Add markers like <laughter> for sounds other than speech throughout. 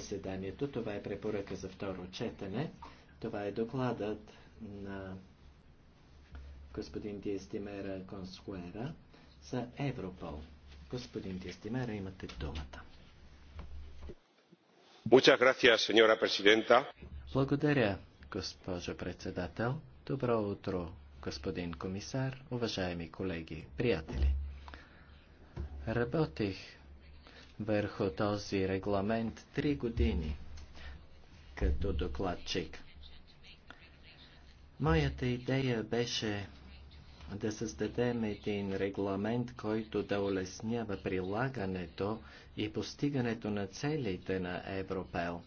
заседанието. Това е препоръка за второ четене. Това е докладът на господин Диестимера Консуера за Европол. Господин Диестимера, имате думата. Благодаря, госпожо председател. Добро утро, господин комисар, уважаеми колеги, приятели. Работих върху този регламент три години като докладчик. Моята идея беше да създадем един регламент, който да улеснява прилагането и постигането на целите на Европел.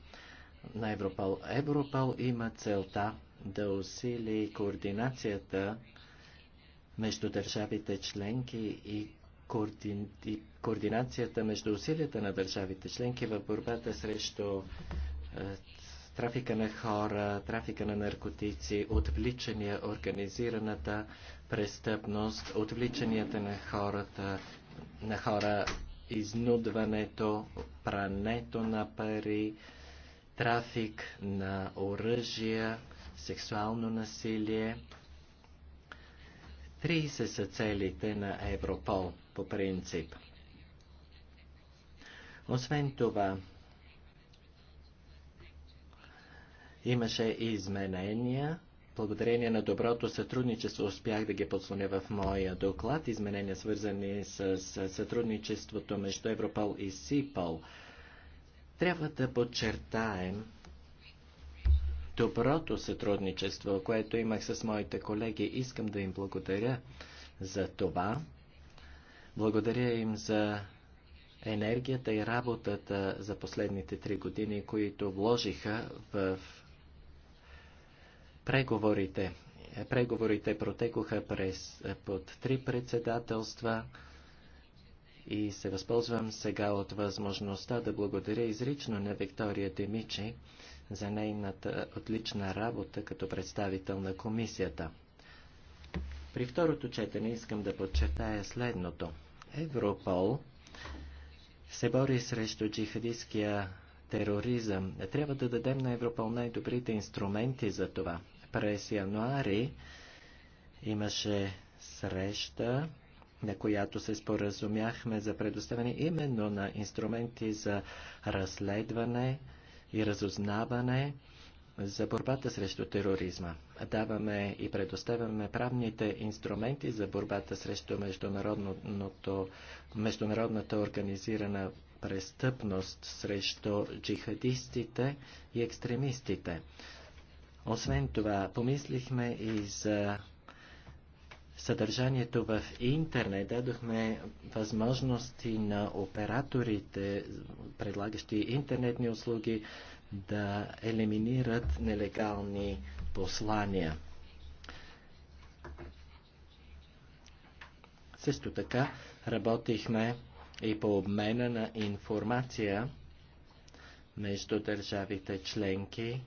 На Европел. Европел има целта да усили координацията между държавите членки и координацията между усилията на държавите членки в борбата срещу е, трафика на хора, трафика на наркотици, отвличания, организираната престъпност, отвличанията на хората, на хора, изнудването, прането на пари, трафик на оръжия, сексуално насилие. три са целите на Европол по принцип. Освен това, имаше изменения. Благодарение на доброто сътрудничество успях да ги подслоня в моя доклад. Изменения свързани с, с сътрудничеството между Европол и СИПОЛ. Трябва да подчертаем доброто сътрудничество, което имах с моите колеги. Искам да им благодаря за това. Благодаря им за енергията и работата за последните три години, които вложиха в преговорите. Преговорите протекоха през, под три председателства и се възползвам сега от възможността да благодаря изрично на Виктория Демичи за нейната отлична работа като представител на комисията. При второто четене искам да подчертая следното. Европол се бори срещу джихадистския тероризъм. Трябва да дадем на Европол най-добрите инструменти за това. През януари имаше среща, на която се споразумяхме за предоставяне именно на инструменти за разследване и разузнаване за борбата срещу тероризма. Даваме и предоставяме правните инструменти за борбата срещу международната организирана престъпност срещу джихадистите и екстремистите. Освен това, помислихме и за съдържанието в интернет. Дадохме възможности на операторите, предлагащи интернетни услуги, да елиминират нелегални послания. Също така работихме и по обмена на информация между държавите членки.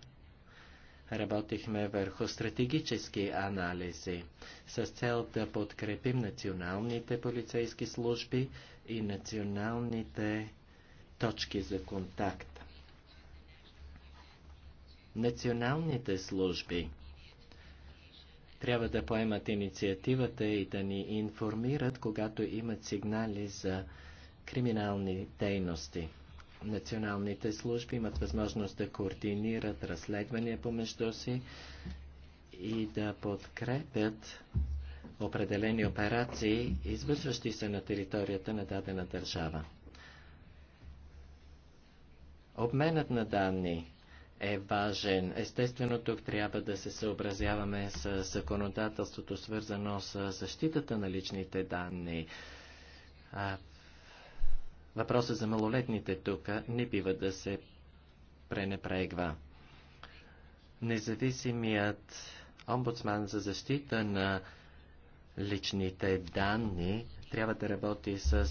Работихме върху стратегически анализи с цел да подкрепим националните полицейски служби и националните точки за контакт. Националните служби трябва да поемат инициативата и да ни информират, когато имат сигнали за криминални дейности. Националните служби имат възможност да координират разследвания помежду си и да подкрепят определени операции, извършващи се на територията на дадена държава. Обменът на данни е важен. Естествено, тук трябва да се съобразяваме с законодателството, свързано с защитата на личните данни. А, въпросът за малолетните тук не бива да се пренепрегва. Независимият омбудсман за защита на личните данни трябва да работи с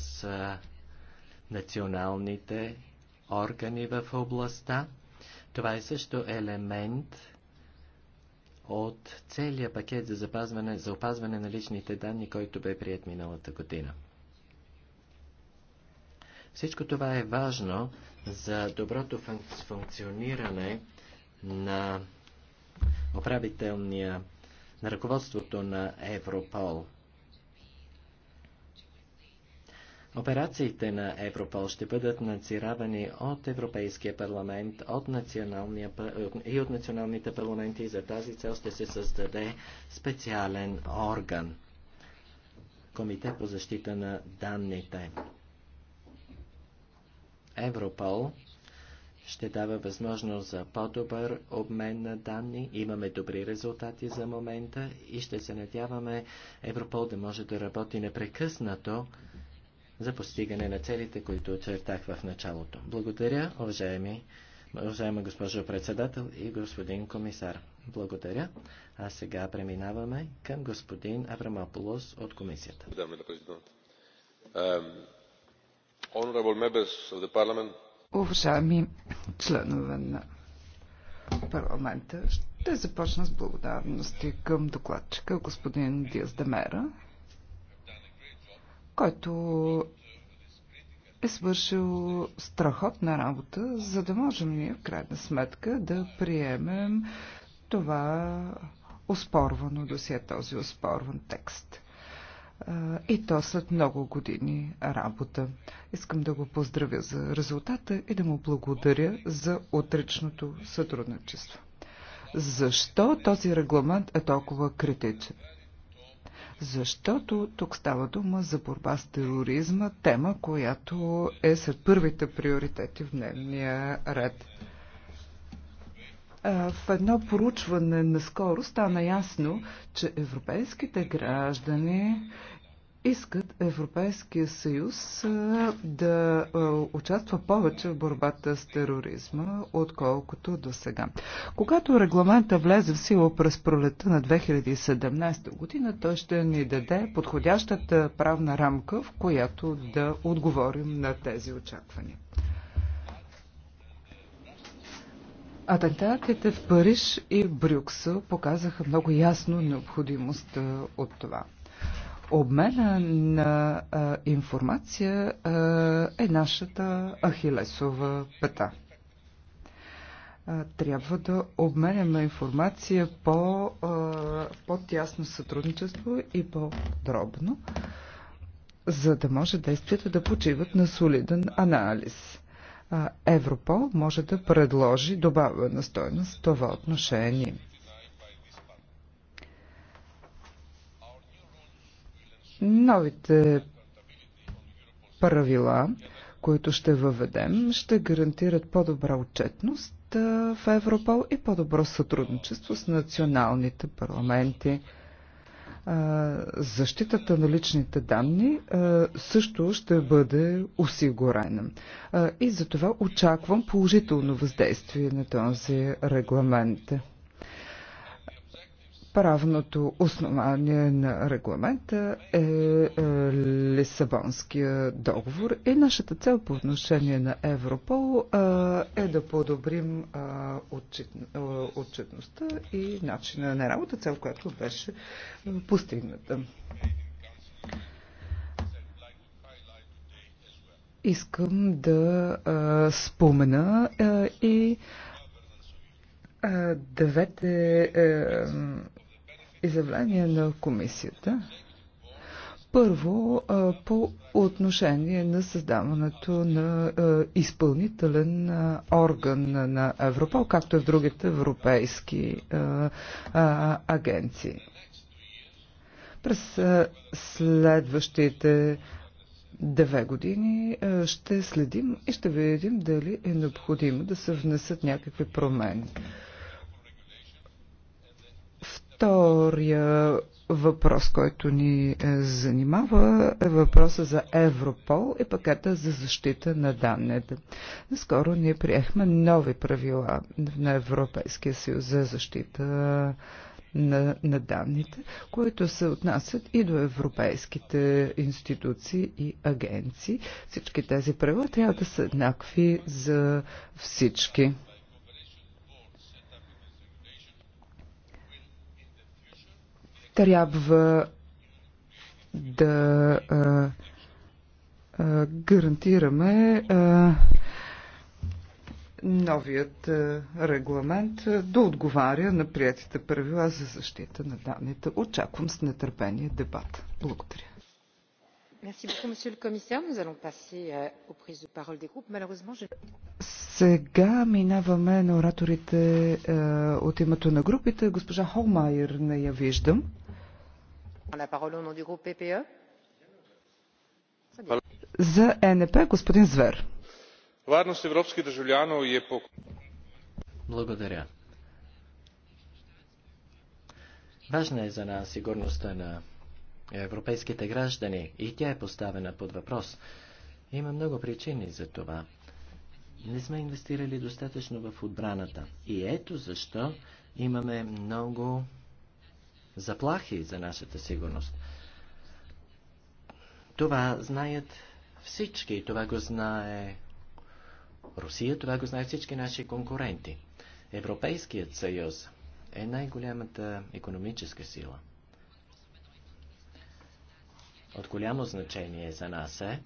националните органи в областта това е също елемент от целия пакет за, запазване, за опазване на личните данни, който бе прият миналата година. Всичко това е важно за доброто функциониране на управителния, на ръководството на Европол. Операциите на Европол ще бъдат надзиравани от Европейския парламент от националния, и от националните парламенти и за тази цел ще се създаде специален орган. Комитет по защита на данните. Европол ще дава възможност за по-добър обмен на данни. Имаме добри резултати за момента и ще се надяваме Европол да може да работи непрекъснато за постигане на целите, които очертах в началото. Благодаря, уважаеми, уважаема госпожо председател и господин комисар. Благодаря. А сега преминаваме към господин Аврамополос от комисията. Уважаеми членове на парламента, ще започна с благодарности към докладчика господин Диас Демера който е свършил страхотна работа, за да можем ние в крайна сметка да приемем това оспорвано досие, този оспорван текст. И то след много години работа. Искам да го поздравя за резултата и да му благодаря за отричното сътрудничество. Защо този регламент е толкова критичен? защото тук става дума за борба с тероризма, тема, която е сред първите приоритети в дневния ред. В едно поручване наскоро стана ясно, че европейските граждани искат Европейския съюз да участва повече в борбата с тероризма, отколкото до сега. Когато регламента влезе в сила през пролета на 2017 година, той ще ни даде подходящата правна рамка, в която да отговорим на тези очаквания. Атентатите в Париж и Брюксел показаха много ясно необходимост от това. Обмена на а, информация а, е нашата ахилесова пета. А, трябва да обменяме информация по, а, по-тясно сътрудничество и по-дробно, за да може действията да почиват на солиден анализ. Европол може да предложи добавена стойност в това отношение. Новите правила, които ще въведем, ще гарантират по-добра отчетност в Европол и по-добро сътрудничество с националните парламенти. Защитата на личните данни също ще бъде осигурена. И за това очаквам положително въздействие на този регламент. Правното основание на регламента е, е Лисабонския договор и нашата цел по отношение на Европол е, е да подобрим е, отчетността и начина на работа, цел, която беше постигната. Искам да спомена и двете изявление на комисията. Първо, по отношение на създаването на изпълнителен орган на Европол, както и в другите европейски агенции. През следващите две години ще следим и ще видим дали е необходимо да се внесат някакви промени. Втория въпрос, който ни е, занимава е въпроса за Европол и пакета за защита на данните. Наскоро ние приехме нови правила на Европейския съюз за защита на, на данните, които се отнасят и до европейските институции и агенции. Всички тези правила трябва да са еднакви за всички. трябва да а, а, гарантираме а, новият а, регламент а, да отговаря на приятите правила за защита на данните. Очаквам с нетърпение дебат. Благодаря. Сега минаваме на ораторите от името на групите. Госпожа Холмайер не я виждам. E. За господин Звер. Благодаря. Важна е за нас сигурността на европейските граждани и тя е поставена под въпрос. Има много причини за това. Не сме инвестирали достатъчно в отбраната. И ето защо имаме много заплахи за нашата сигурност. Това знаят всички, това го знае Русия, това го знаят всички наши конкуренти. Европейският съюз е най-голямата економическа сила. От голямо значение за нас е,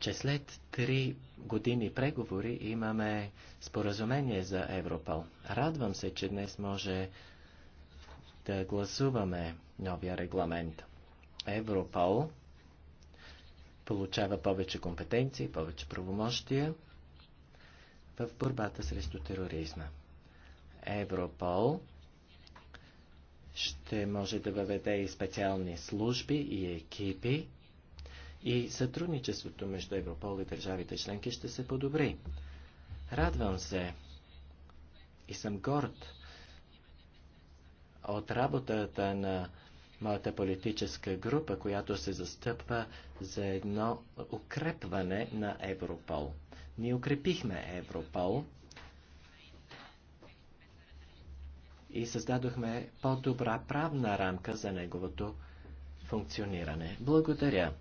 че след три години преговори имаме споразумение за Европол. Радвам се, че днес може да гласуваме новия регламент. Европол получава повече компетенции, повече правомощия в борбата срещу тероризма. Европол ще може да въведе и специални служби и екипи и сътрудничеството между Европол и държавите членки ще се подобри. Радвам се и съм горд, от работата на моята политическа група, която се застъпва за едно укрепване на Европол. Ние укрепихме Европол и създадохме по-добра правна рамка за неговото функциониране. Благодаря.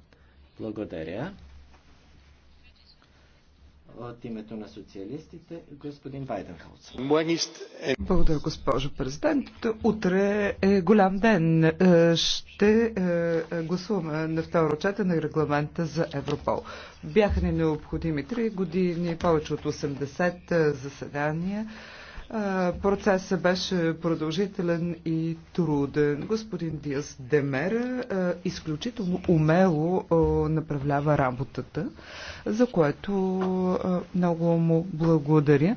Благодаря. От името на социалистите, господин Вайденхолц. Е- Благодаря, госпожо президент. Утре е голям ден. Е, ще е, гласуваме на второ чета на регламента за Европол. Бяха ни необходими 3 години, повече от 80 заседания Процесът беше продължителен и труден. Господин Диас Демера изключително умело направлява работата, за което много му благодаря.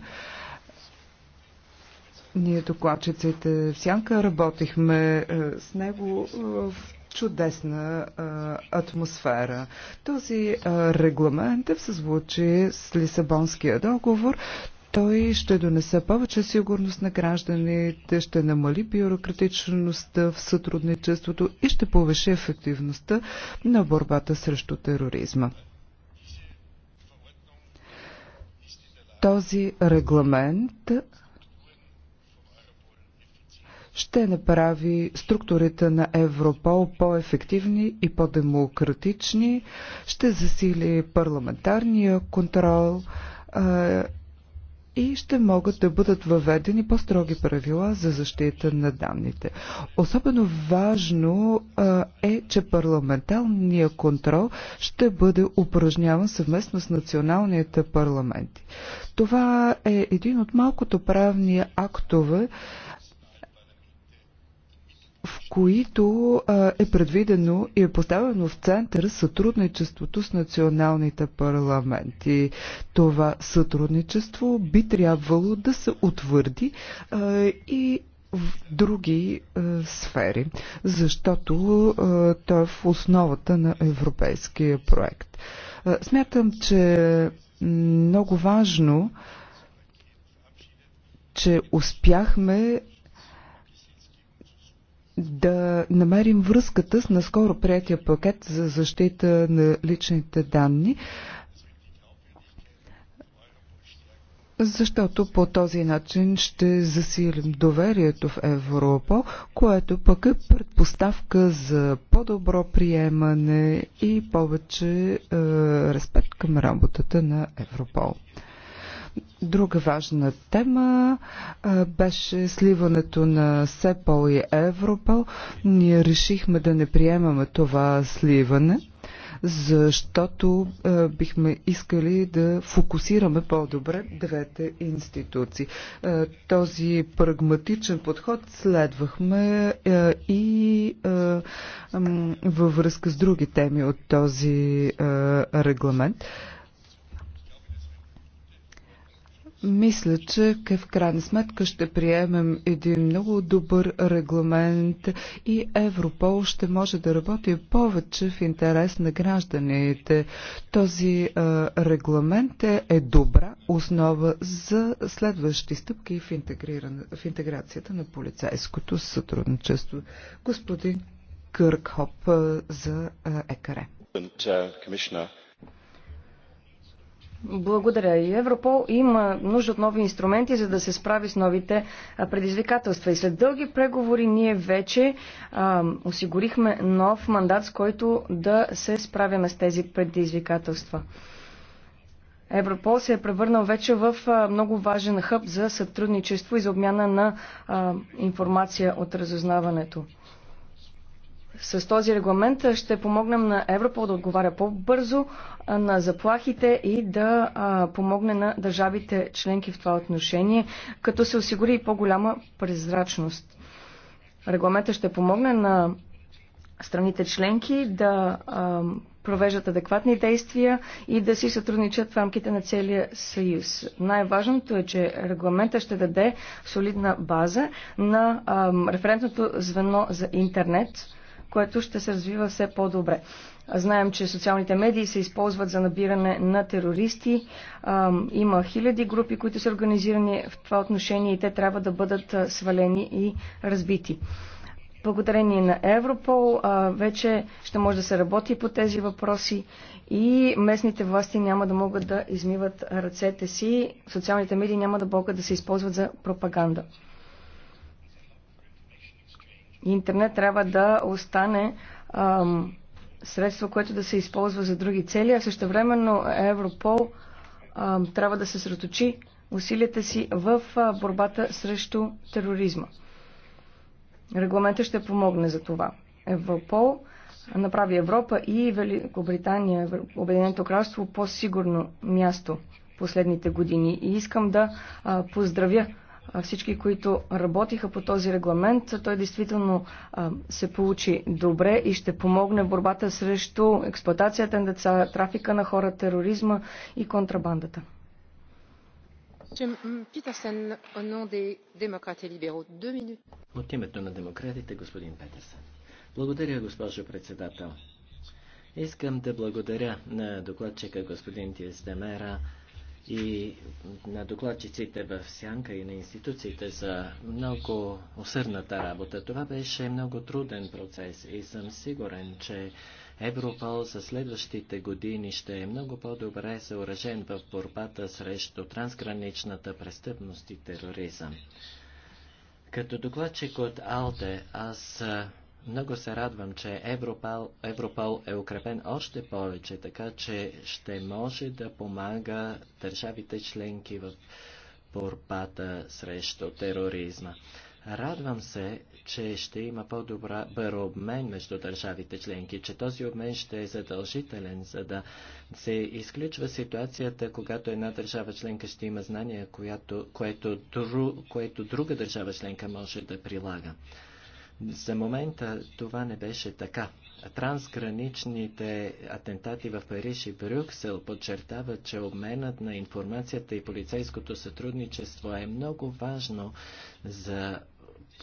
Ние докладчиците в Сянка работихме с него в чудесна а, атмосфера. Този а, регламент е в съзвучие с Лисабонския договор. Той ще донесе повече сигурност на гражданите, ще намали бюрократичността в сътрудничеството и ще повиши ефективността на борбата срещу тероризма. Този регламент ще направи структурите на Европол по-ефективни и по-демократични, ще засили парламентарния контрол и ще могат да бъдат въведени по-строги правила за защита на данните. Особено важно а, е, че парламенталния контрол ще бъде упражняван съвместно с националните парламенти. Това е един от малкото правни актове, които е предвидено и е поставено в център сътрудничеството с националните парламенти. Това сътрудничество би трябвало да се утвърди и в други е, сфери, защото е, той е в основата на европейския проект. Е, смятам, че е много важно, че успяхме да намерим връзката с наскоро приятия пакет за защита на личните данни, защото по този начин ще засилим доверието в Европа, което пък е предпоставка за по-добро приемане и повече е, респект към работата на Европол. Друга важна тема а, беше сливането на СЕПОЛ и Европол. Ние решихме да не приемаме това сливане, защото а, бихме искали да фокусираме по-добре двете институции. А, този прагматичен подход следвахме а, и а, във връзка с други теми от този а, регламент. А, Мисля, че в крайна сметка ще приемем един много добър регламент и Европол ще може да работи повече в интерес на гражданите. Този а, регламент е, е добра основа за следващи стъпки в, в интеграцията на полицейското сътрудничество. Господин Къркхоп за ЕКРЕ. Благодаря. И Европол има нужда от нови инструменти, за да се справи с новите предизвикателства. И след дълги преговори ние вече а, осигурихме нов мандат, с който да се справяме с тези предизвикателства. Европол се е превърнал вече в много важен хъб за сътрудничество и за обмяна на а, информация от разузнаването. С този регламент ще помогнем на Европол да отговаря по-бързо на заплахите и да помогне на държавите членки в това отношение, като се осигури и по-голяма прозрачност. Регламентът ще помогне на страните членки да провеждат адекватни действия и да си сътрудничат в рамките на целия съюз. Най-важното е, че регламента ще даде солидна база на референтното звено за интернет, което ще се развива все по-добре. Знаем, че социалните медии се използват за набиране на терористи. Има хиляди групи, които са организирани в това отношение и те трябва да бъдат свалени и разбити. Благодарение на Европол вече ще може да се работи по тези въпроси и местните власти няма да могат да измиват ръцете си, социалните медии няма да могат да се използват за пропаганда интернет трябва да остане ам, средство, което да се използва за други цели, а същевременно Европол ам, трябва да се сръточи усилията си в а, борбата срещу тероризма. Регламента ще помогне за това. Европол направи Европа и Великобритания, Обединеното кралство по-сигурно място последните години. И искам да а, поздравя всички, които работиха по този регламент. Той действително се получи добре и ще помогне в борбата срещу експлуатацията на деца, трафика на хора, тероризма и контрабандата. От името на демократите, господин Петерсен. Благодаря, госпожо председател. Искам да благодаря на докладчика господин Тиестемера и на докладчиците в Сянка и на институциите за много усърдната работа. Това беше много труден процес и съм сигурен, че Европол за следващите години ще е много по-добре съоръжен в борбата срещу трансграничната престъпност и тероризъм. Като докладчик от АЛДЕ, аз много се радвам, че Европол, Европол е укрепен още повече, така че ще може да помага държавите членки в борбата срещу тероризма. Радвам се, че ще има по-добър обмен между държавите членки, че този обмен ще е задължителен, за да се изключва ситуацията, когато една държава членка ще има знания, която, което, дру, което друга държава членка може да прилага. За момента това не беше така. Трансграничните атентати в Париж и Брюксел подчертават, че обменът на информацията и полицейското сътрудничество е много важно за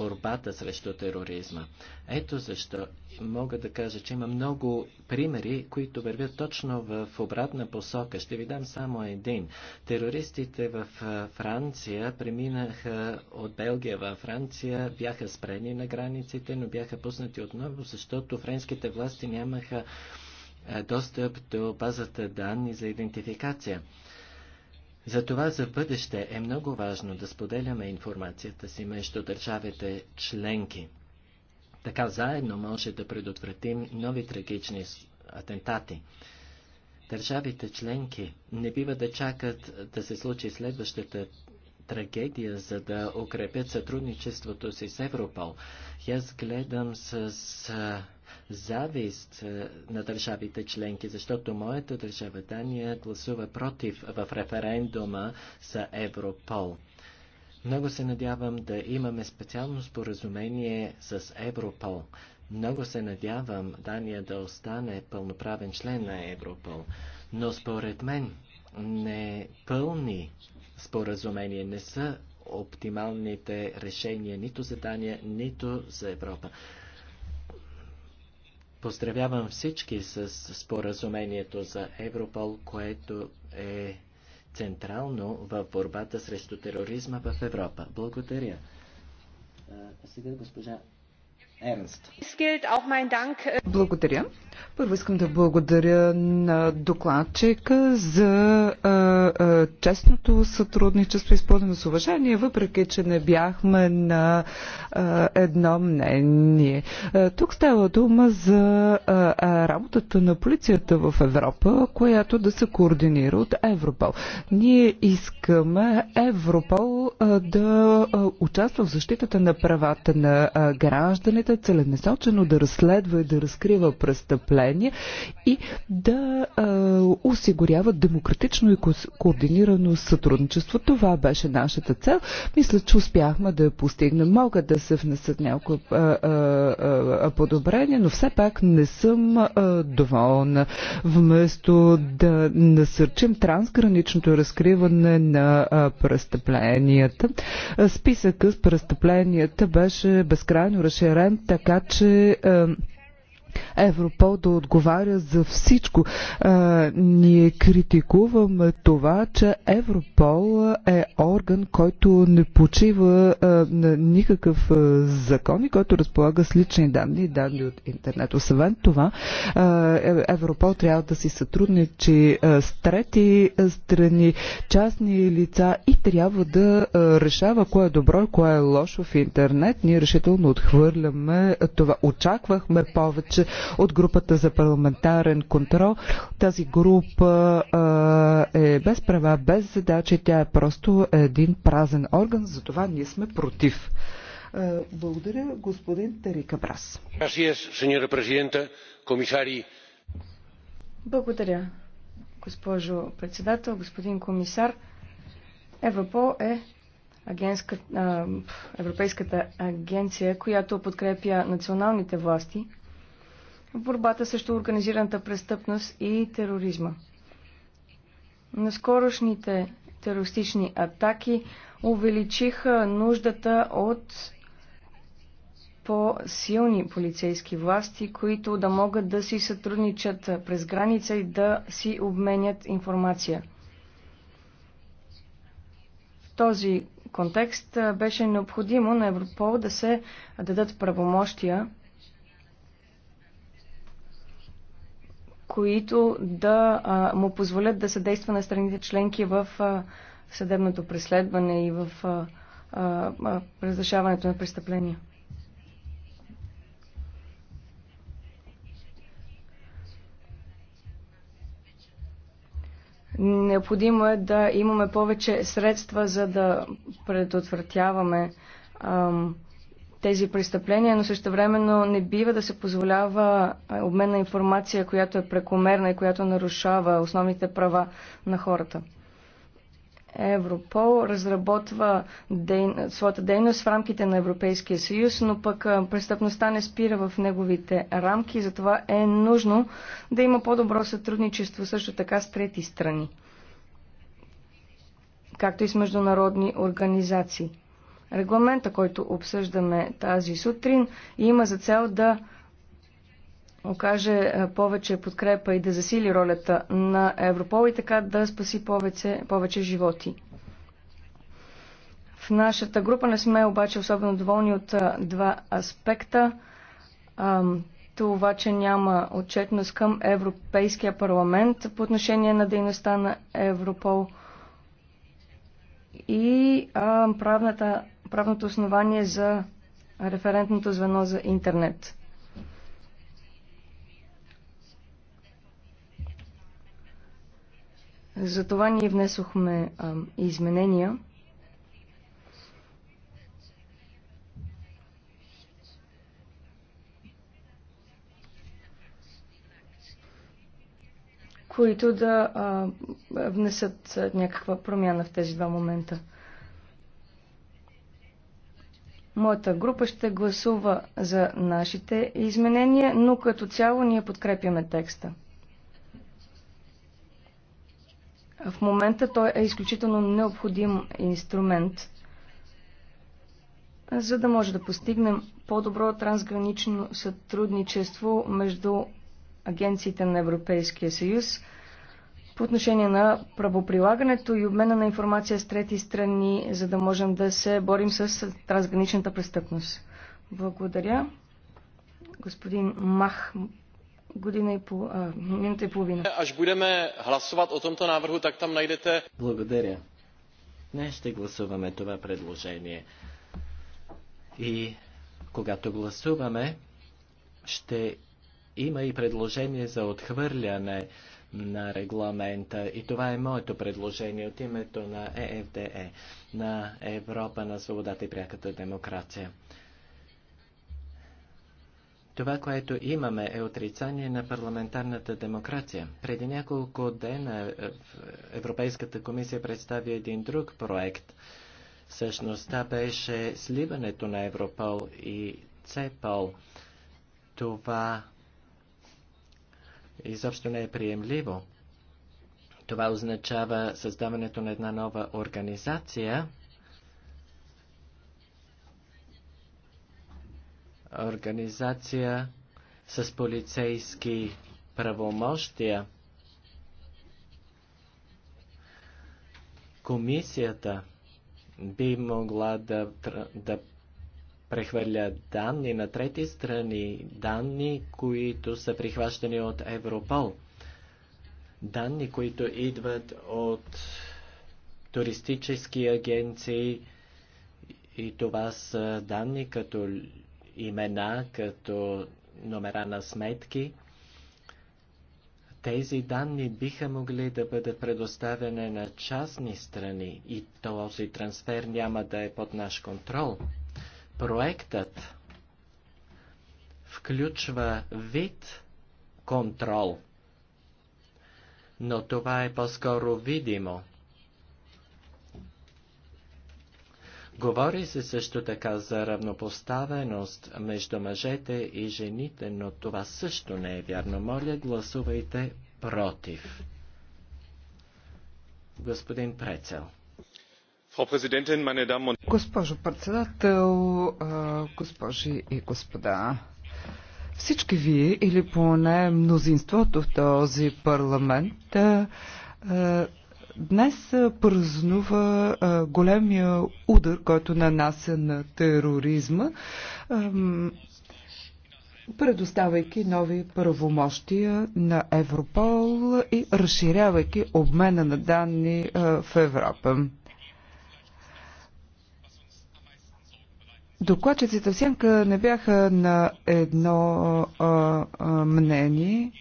борбата срещу тероризма. Ето защо мога да кажа, че има много примери, които вървят точно в обратна посока. Ще ви дам само един. Терористите в Франция преминаха от Белгия във Франция, бяха спрени на границите, но бяха пуснати отново, защото френските власти нямаха достъп до базата данни за идентификация. Затова за бъдеще е много важно да споделяме информацията си между държавите членки. Така заедно може да предотвратим нови трагични атентати. Държавите членки не бива да чакат да се случи следващата трагедия, за да укрепят сътрудничеството си с Европол. Аз гледам с, с завист на държавите членки, защото моята държава Дания гласува против в референдума за Европол. Много се надявам да имаме специално споразумение с Европол. Много се надявам Дания да остане пълноправен член на Европол. Но според мен не пълни споразумение не са оптималните решения нито за Дания, нито за Европа. Поздравявам всички с споразумението за Европол, което е централно в борбата срещу тероризма в Европа. Благодаря. сега госпожа Äh, благодаря. Първо искам да благодаря на докладчика за а, а, честното сътрудничество, изпълнено с уважение, въпреки че не бяхме на а, едно мнение. А, тук става дума за а, а, работата на полицията в Европа, която да се координира от Европол. Ние искаме Европол а, да а, участва в защитата на правата на а, гражданите, е целенасочено да разследва и да разкрива престъпления и да а, осигурява демократично и координирано сътрудничество. Това беше нашата цел. Мисля, че успяхме да я постигнем. Могат да се внесат някои подобрения, но все пак не съм а, доволна. Вместо да насърчим трансграничното разкриване на а, престъпленията, списъка с престъпленията беше безкрайно разширен така че Европол да отговаря за всичко. А, ние критикуваме това, че Европол е орган, който не почива а, на никакъв а, закон и който разполага с лични данни и данни от интернет. Освен това, а, Европол трябва да си сътрудничи с трети страни, частни лица и трябва да а, решава кое е добро и кое е лошо в интернет. Ние решително отхвърляме това. Очаквахме повече беше от групата за парламентарен контрол. Тази група е без права, без задачи, тя е просто един празен орган, затова ние сме против. Благодаря, господин Терика Брас. Благодаря, госпожо председател, господин комисар. Европол е агентска, а, Европейската агенция, която подкрепя националните власти в борбата срещу организираната престъпност и тероризма. скорошните терористични атаки увеличиха нуждата от по-силни полицейски власти, които да могат да си сътрудничат през граница и да си обменят информация. В този контекст беше необходимо на Европол да се дадат правомощия които да а, му позволят да съдейства на страните членки в а, съдебното преследване и в а, а, разрешаването на престъпления. Необходимо е да имаме повече средства, за да предотвратяваме ам, тези престъпления, но също времено не бива да се позволява обмен на информация, която е прекомерна и която нарушава основните права на хората. Европол разработва дейн... своята дейност в рамките на Европейския съюз, но пък престъпността не спира в неговите рамки, затова е нужно да има по-добро сътрудничество също така с трети страни, както и с международни организации. Регламента, който обсъждаме тази сутрин, има за цел да окаже повече подкрепа и да засили ролята на Европол и така да спаси повече, повече животи. В нашата група не сме обаче особено доволни от два аспекта. Това, че няма отчетност към Европейския парламент по отношение на дейността на Европол и правната правното основание за референтното звено за интернет. Затова ние внесохме а, изменения. които да а, внесат някаква промяна в тези два момента. Моята група ще гласува за нашите изменения, но като цяло ние подкрепяме текста. В момента той е изключително необходим инструмент, за да може да постигнем по-добро трансгранично сътрудничество между агенциите на Европейския съюз, по отношение на правоприлагането и обмена на информация с трети страни, за да можем да се борим с трансграничната престъпност. Благодаря. Господин Мах, година и по, а, минута и половина. Аз будеме гласуват о томто навърху, так там найдете... Благодаря. Днес ще гласуваме това предложение. И когато гласуваме, ще има и предложение за отхвърляне на регламента. И това е моето предложение от името на ЕФДЕ, на Европа на свободата и пряката демокрация. Това, което имаме, е отрицание на парламентарната демокрация. Преди няколко дена Европейската комисия представи един друг проект. Същността беше сливането на Европол и ЦЕПОЛ. Това изобщо не е приемливо. Това означава създаването на една нова организация, организация с полицейски правомощия. Комисията би могла да, да прехвърля данни на трети страни, данни, които са прихващани от Европол, данни, които идват от туристически агенции и това са данни като имена, като номера на сметки. Тези данни биха могли да бъдат предоставени на частни страни и този трансфер няма да е под наш контрол. Проектът включва вид контрол, но това е по-скоро видимо. Говори се също така за равнопоставеност между мъжете и жените, но това също не е вярно. Моля, гласувайте против. Господин Прецел. Госпожо председател, госпожи и господа, всички вие или поне мнозинството в този парламент днес празнува големия удар, който нанася на тероризма предоставяйки нови правомощия на Европол и разширявайки обмена на данни в Европа. Докладчиците в Сянка не бяха на едно а, а, мнение.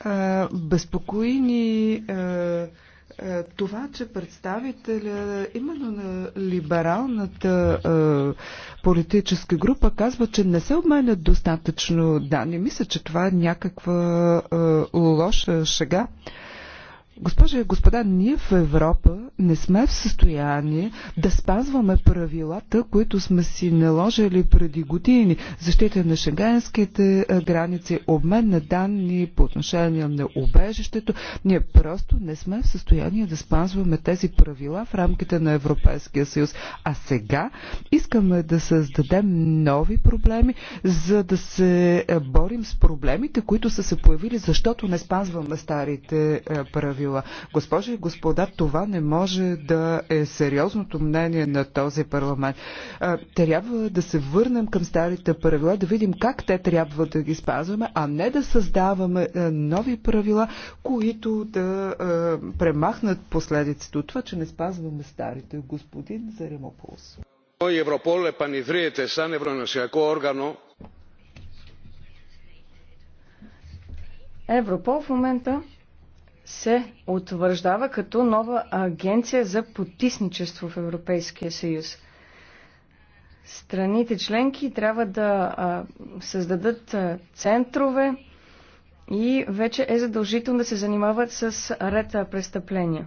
А, безпокои ни това, че представителя именно на либералната а, политическа група казва, че не се обменят достатъчно данни. Мисля, че това е някаква а, лоша шега. А, Госпожи и господа, ние в Европа не сме в състояние да спазваме правилата, които сме си наложили преди години. Защита на шенгенските е, граници, обмен на данни по отношение на обежището. Ние просто не сме в състояние да спазваме тези правила в рамките на Европейския съюз. А сега искаме да създадем нови проблеми, за да се е, борим с проблемите, които са се появили, защото не спазваме старите е, правила правила. Госпожи и господа, това не може да е сериозното мнение на този парламент. Трябва да се върнем към старите правила, да видим как те трябва да ги спазваме, а не да създаваме нови правила, които да премахнат последиците от това, че не спазваме старите. Господин Заремополс. Η Ευρωπόλ επανειδρύεται σαν ευρωνοσιακό όργανο Европол в момента се утвърждава като нова агенция за потисничество в Европейския съюз. Страните членки трябва да а, създадат а, центрове и вече е задължително да се занимават с ред престъпления.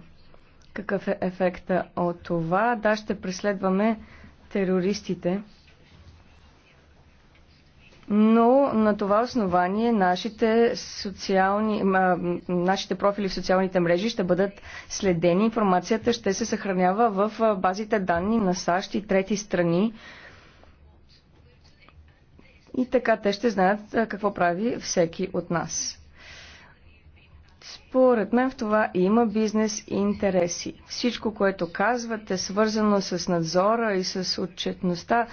Какъв е ефекта от това? Да, ще преследваме терористите но на това основание нашите, социални, нашите профили в социалните мрежи ще бъдат следени. Информацията ще се съхранява в базите данни на САЩ и трети страни. И така те ще знаят какво прави всеки от нас. Според мен в това има бизнес интереси. Всичко, което казвате, свързано с надзора и с отчетността,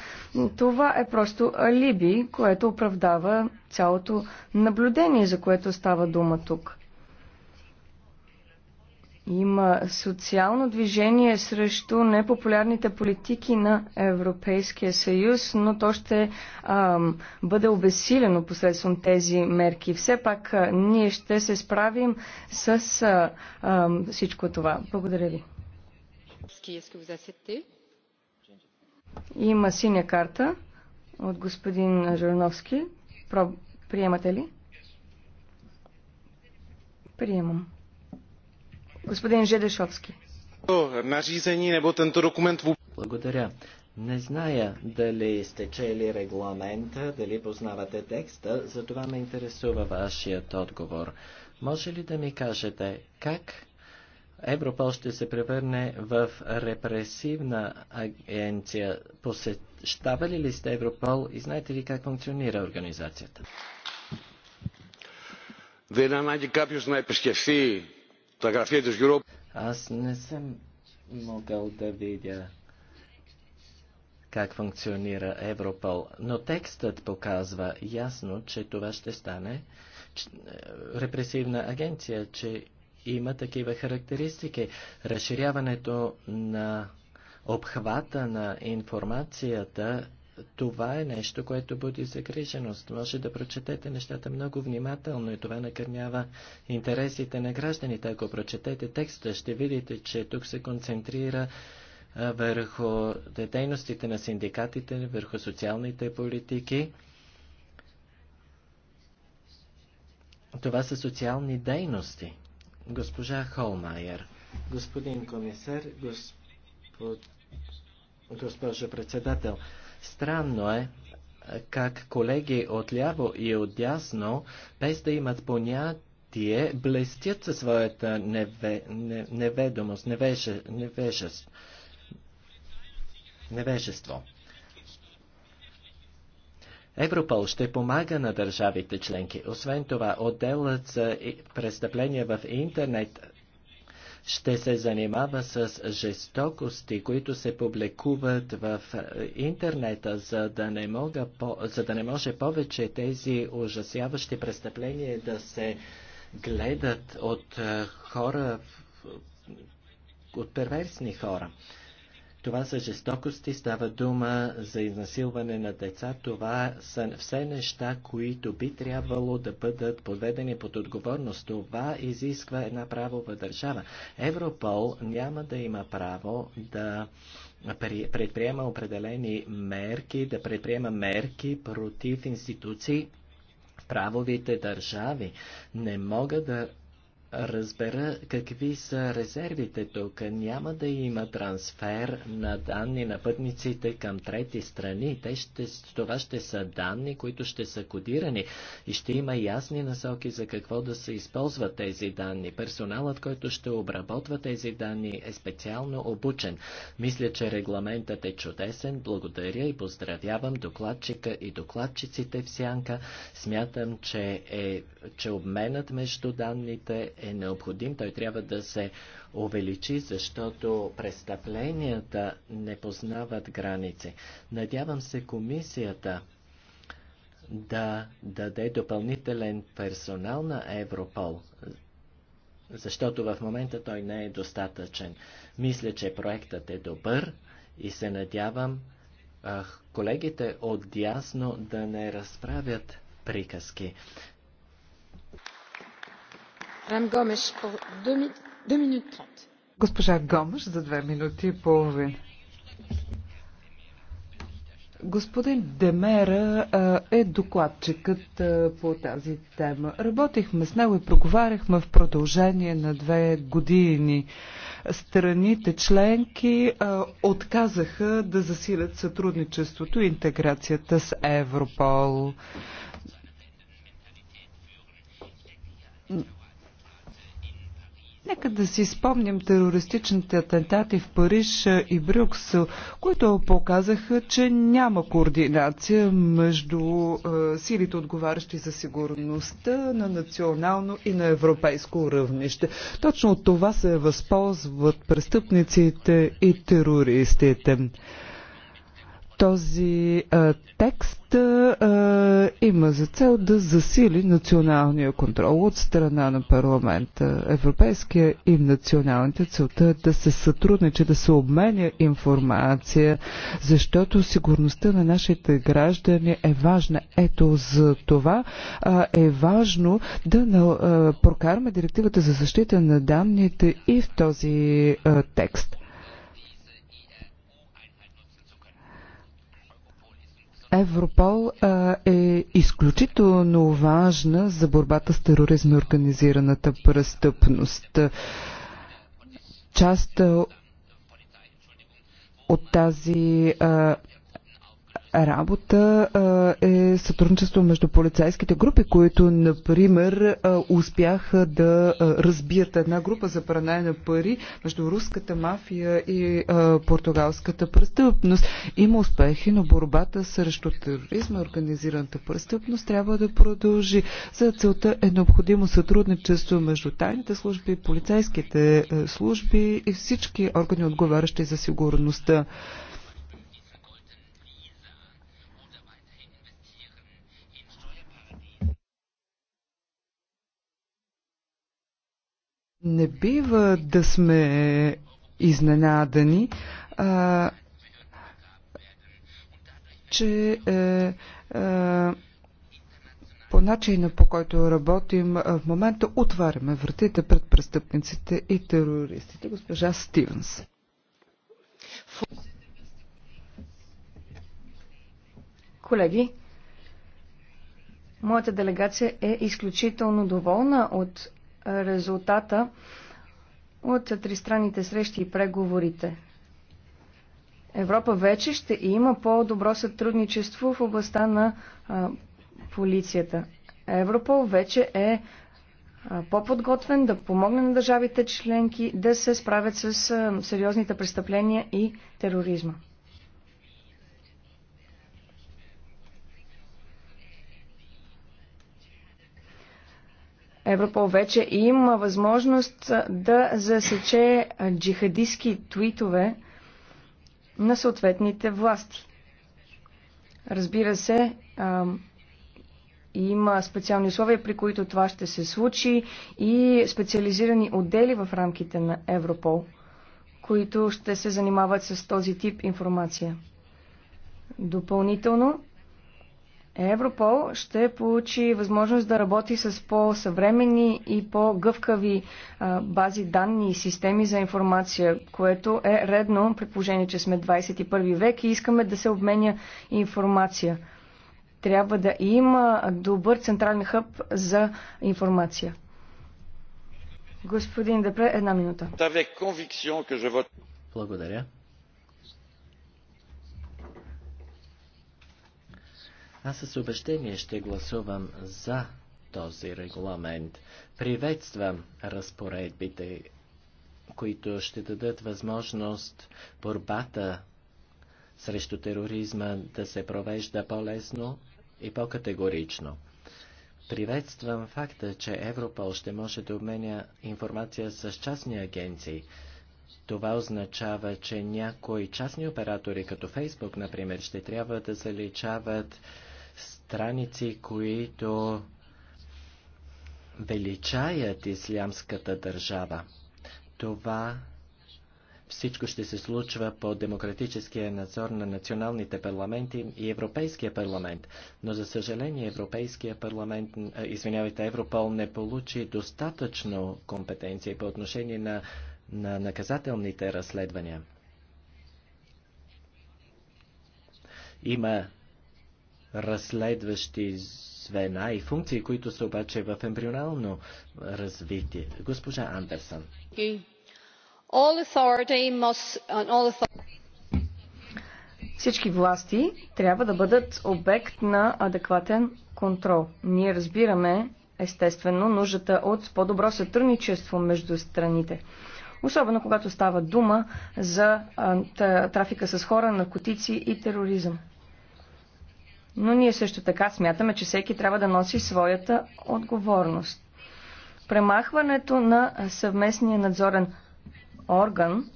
това е просто алиби, което оправдава цялото наблюдение, за което става дума тук има социално движение срещу непопулярните политики на Европейския съюз, но то ще а, бъде обесилено посредством тези мерки. Все пак а, ние ще се справим с а, а, всичко това. Благодаря ви. Има синя карта от господин Жирновски. Приемате ли? Приемам. Господин Желешовски. Благодаря. Не зная дали сте чели регламента, дали познавате текста, затова ме интересува вашият отговор. Може ли да ми кажете как Европол ще се превърне в репресивна агенция? Посещавали ли сте Европол и знаете ли как функционира организацията? Δεν ανάγκη κάποιος να επισκεφθεί аз не съм могъл да видя как функционира Европол, но текстът показва ясно, че това ще стане че, е, репресивна агенция, че има такива характеристики. Разширяването на обхвата на информацията това е нещо, което буди загриженост. Може да прочетете нещата много внимателно и това накърнява интересите на гражданите. Ако прочетете текста, ще видите, че тук се концентрира върху дейностите на синдикатите, върху социалните политики. Това са социални дейности. Госпожа Холмайер, господин комисар, господ... госпожо председател, Странно е, как колеги от ляво и от дясно, без да имат понятие, блестят със своята неве, не, неведомост, невеже, невеже, невежество. Европол ще помага на държавите членки. Освен това, отделът за престъпления в интернет ще се занимава с жестокости, които се публикуват в е, интернета, за да не, мога по, за да не може повече тези ужасяващи престъпления да се гледат от е, хора, от перверсни хора. Това са жестокости, става дума за изнасилване на деца. Това са все неща, които би трябвало да бъдат подведени под отговорност. Това изисква една правова държава. Европол няма да има право да предприема определени мерки, да предприема мерки против институции, правовите държави не мога да разбера какви са резервите тук. Няма да има трансфер на данни на пътниците към трети страни. Те ще, това ще са данни, които ще са кодирани и ще има ясни насоки за какво да се използват тези данни. Персоналът, който ще обработва тези данни е специално обучен. Мисля, че регламентът е чудесен. Благодаря и поздравявам докладчика и докладчиците в Сянка. Смятам, че, е, че обменът между данните е е необходим. Той трябва да се увеличи, защото престъпленията не познават граници. Надявам се комисията да даде допълнителен персонал на Европол, защото в момента той не е достатъчен. Мисля, че проектът е добър и се надявам колегите от дясно да не разправят приказки. Госпожа Гомеш за две минути и половина. Господин Демера е докладчикът по тази тема. Работихме с него и проговаряхме в продължение на две години. Страните членки отказаха да засилят сътрудничеството и интеграцията с Европол. Нека да си спомним терористичните атентати в Париж и Брюксел, които показаха, че няма координация между е, силите, отговарящи за сигурността на национално и на европейско равнище. Точно от това се възползват престъпниците и терористите. Този а, текст а, има за цел да засили националния контрол от страна на парламента. Европейския и националните целта е да се сътрудничи, да се обменя информация, защото сигурността на нашите граждани е важна. Ето за това а, е важно да а, прокараме директивата за защита на данните и в този а, текст. Европол е изключително важна за борбата с тероризма и организираната престъпност. Част от тази работа е сътрудничество между полицейските групи, които, например, успяха да разбият една група за пране на пари между руската мафия и португалската престъпност. Има успехи, но борбата срещу тероризма и организираната престъпност трябва да продължи. За целта е необходимо сътрудничество между тайните служби, полицейските служби и всички органи, отговарящи за сигурността. Не бива да сме изненадани, а, че е, е, по начина по който работим е, в момента отваряме вратите пред престъпниците и терористите. Госпожа Стивенс. Колеги, моята делегация е изключително доволна от резултата от тристранните срещи и преговорите. Европа вече ще има по-добро сътрудничество в областта на а, полицията. Европол вече е по-подготвен да помогне на държавите членки да се справят с а, сериозните престъпления и тероризма. Европол вече има възможност да засече джихадистски твитове на съответните власти. Разбира се, има специални условия, при които това ще се случи и специализирани отдели в рамките на Европол, които ще се занимават с този тип информация. Допълнително, Европол ще получи възможност да работи с по-съвремени и по-гъвкави бази данни и системи за информация, което е редно, при положение, че сме 21 век и искаме да се обменя информация. Трябва да има добър централен хъб за информация. Господин Депре, една минута. Благодаря. Аз с обещение ще гласувам за този регламент. Приветствам разпоредбите, които ще дадат възможност борбата срещу тероризма да се провежда по-лесно и по-категорично. Приветствам факта, че Европол ще може да обменя информация с частни агенции. Това означава, че някои частни оператори, като Фейсбук, например, ще трябва да заличават страници, които величаят ислямската държава. Това всичко ще се случва по демократическия надзор на националните парламенти и Европейския парламент. Но за съжаление Европейския парламент, извинявайте, Европол не получи достатъчно компетенции по отношение на, на наказателните разследвания. Има разследващи звена и функции, които са обаче в ембрионално развитие. Госпожа Андерсън. Всички власти трябва да бъдат обект на адекватен контрол. Ние разбираме, естествено, нуждата от по-добро сътрудничество между страните. Особено когато става дума за трафика с хора, наркотици и тероризъм. Но ние също така смятаме, че всеки трябва да носи своята отговорност. Премахването на съвместния надзорен орган,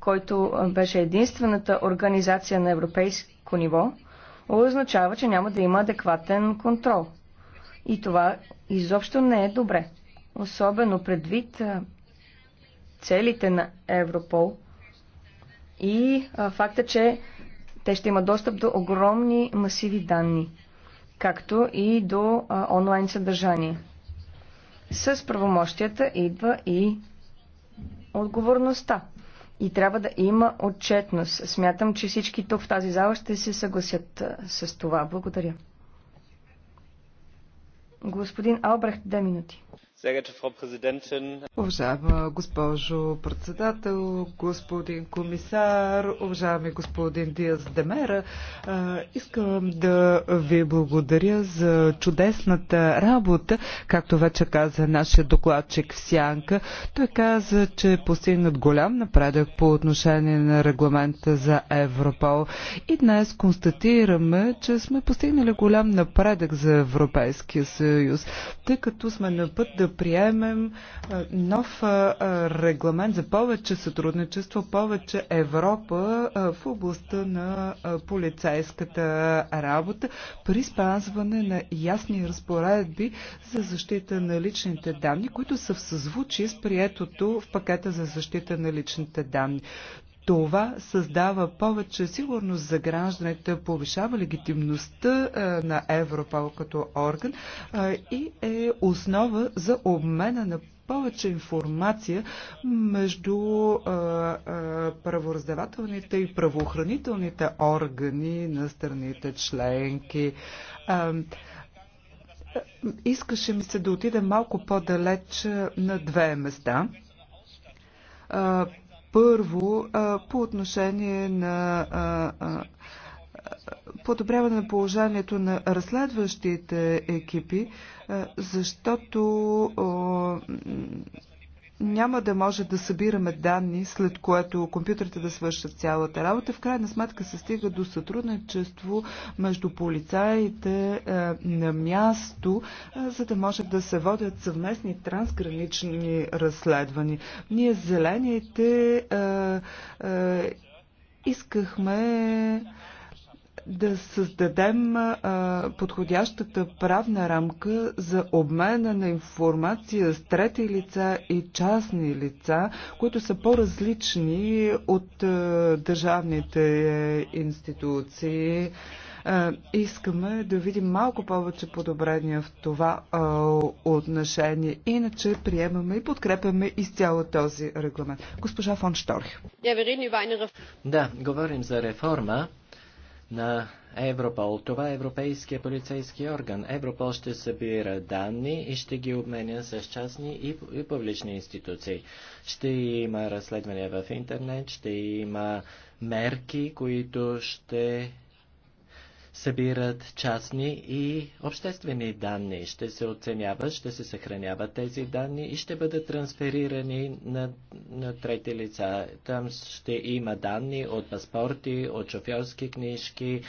който беше единствената организация на европейско ниво, означава, че няма да има адекватен контрол. И това изобщо не е добре. Особено предвид целите на Европол и факта, че те ще имат достъп до огромни масиви данни, както и до а, онлайн съдържание. С правомощията идва и отговорността. И трябва да има отчетност. Смятам, че всички тук в тази зала ще се съгласят с това. Благодаря. Господин Албрехт, две минути. Уважаема госпожо председател, господин комисар, уважаеми господин Диас Демера, искам да ви благодаря за чудесната работа, както вече каза нашия докладчик в Сянка. Той каза, че е постигнат голям напредък по отношение на регламента за Европол и днес констатираме, че сме постигнали голям напредък за Европейския съюз, тъй като сме на път да да приемем е, нов е, е, регламент за повече сътрудничество, повече Европа в областта на полицейската работа при спазване на ясни разпоредби за защита на личните данни, които са в съзвучие с приетото в пакета за защита на личните данни. Това създава повече сигурност за гражданите, повишава легитимността е, на Европол като орган е, и е основа за обмена на повече информация между а, е, а, правораздавателните и правоохранителните органи на страните членки. А, искаше ми се да отида малко по-далеч на две места първо, по отношение на подобряване на положението на разследващите екипи, защото няма да може да събираме данни, след което компютрите да свършат цялата работа. В крайна сметка се стига до сътрудничество между полицаите е, на място, е, за да може да се водят съвместни трансгранични разследвания. Ние зелените е, искахме да създадем подходящата правна рамка за обмена на информация с трети лица и частни лица, които са по-различни от държавните е, институции искаме да видим малко повече подобрения в това отношение. Иначе приемаме и подкрепяме изцяло този регламент. Госпожа фон Шторх. Да, говорим за реформа на Европол. Това е Европейския полицейски орган. Европол ще събира данни и ще ги обменя с частни и, публични институции. Ще има разследвания в интернет, ще има мерки, които ще събират частни и обществени данни. Ще се оценяват, ще се съхраняват тези данни и ще бъдат трансферирани на, на трети лица. Там ще има данни от паспорти, от шофьорски книжки,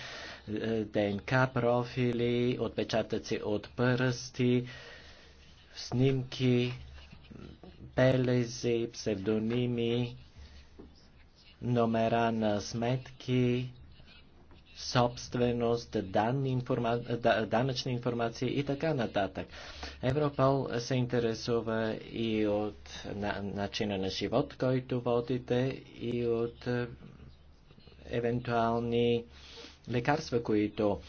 е, ДНК профили, отпечатъци от пръсти, снимки, белези, псевдоними, номера на сметки, собственост, данни, информа... данъчна информация и така нататък. Европол се интересува и от начина на живот, който водите, и от е, евентуални лекарства, които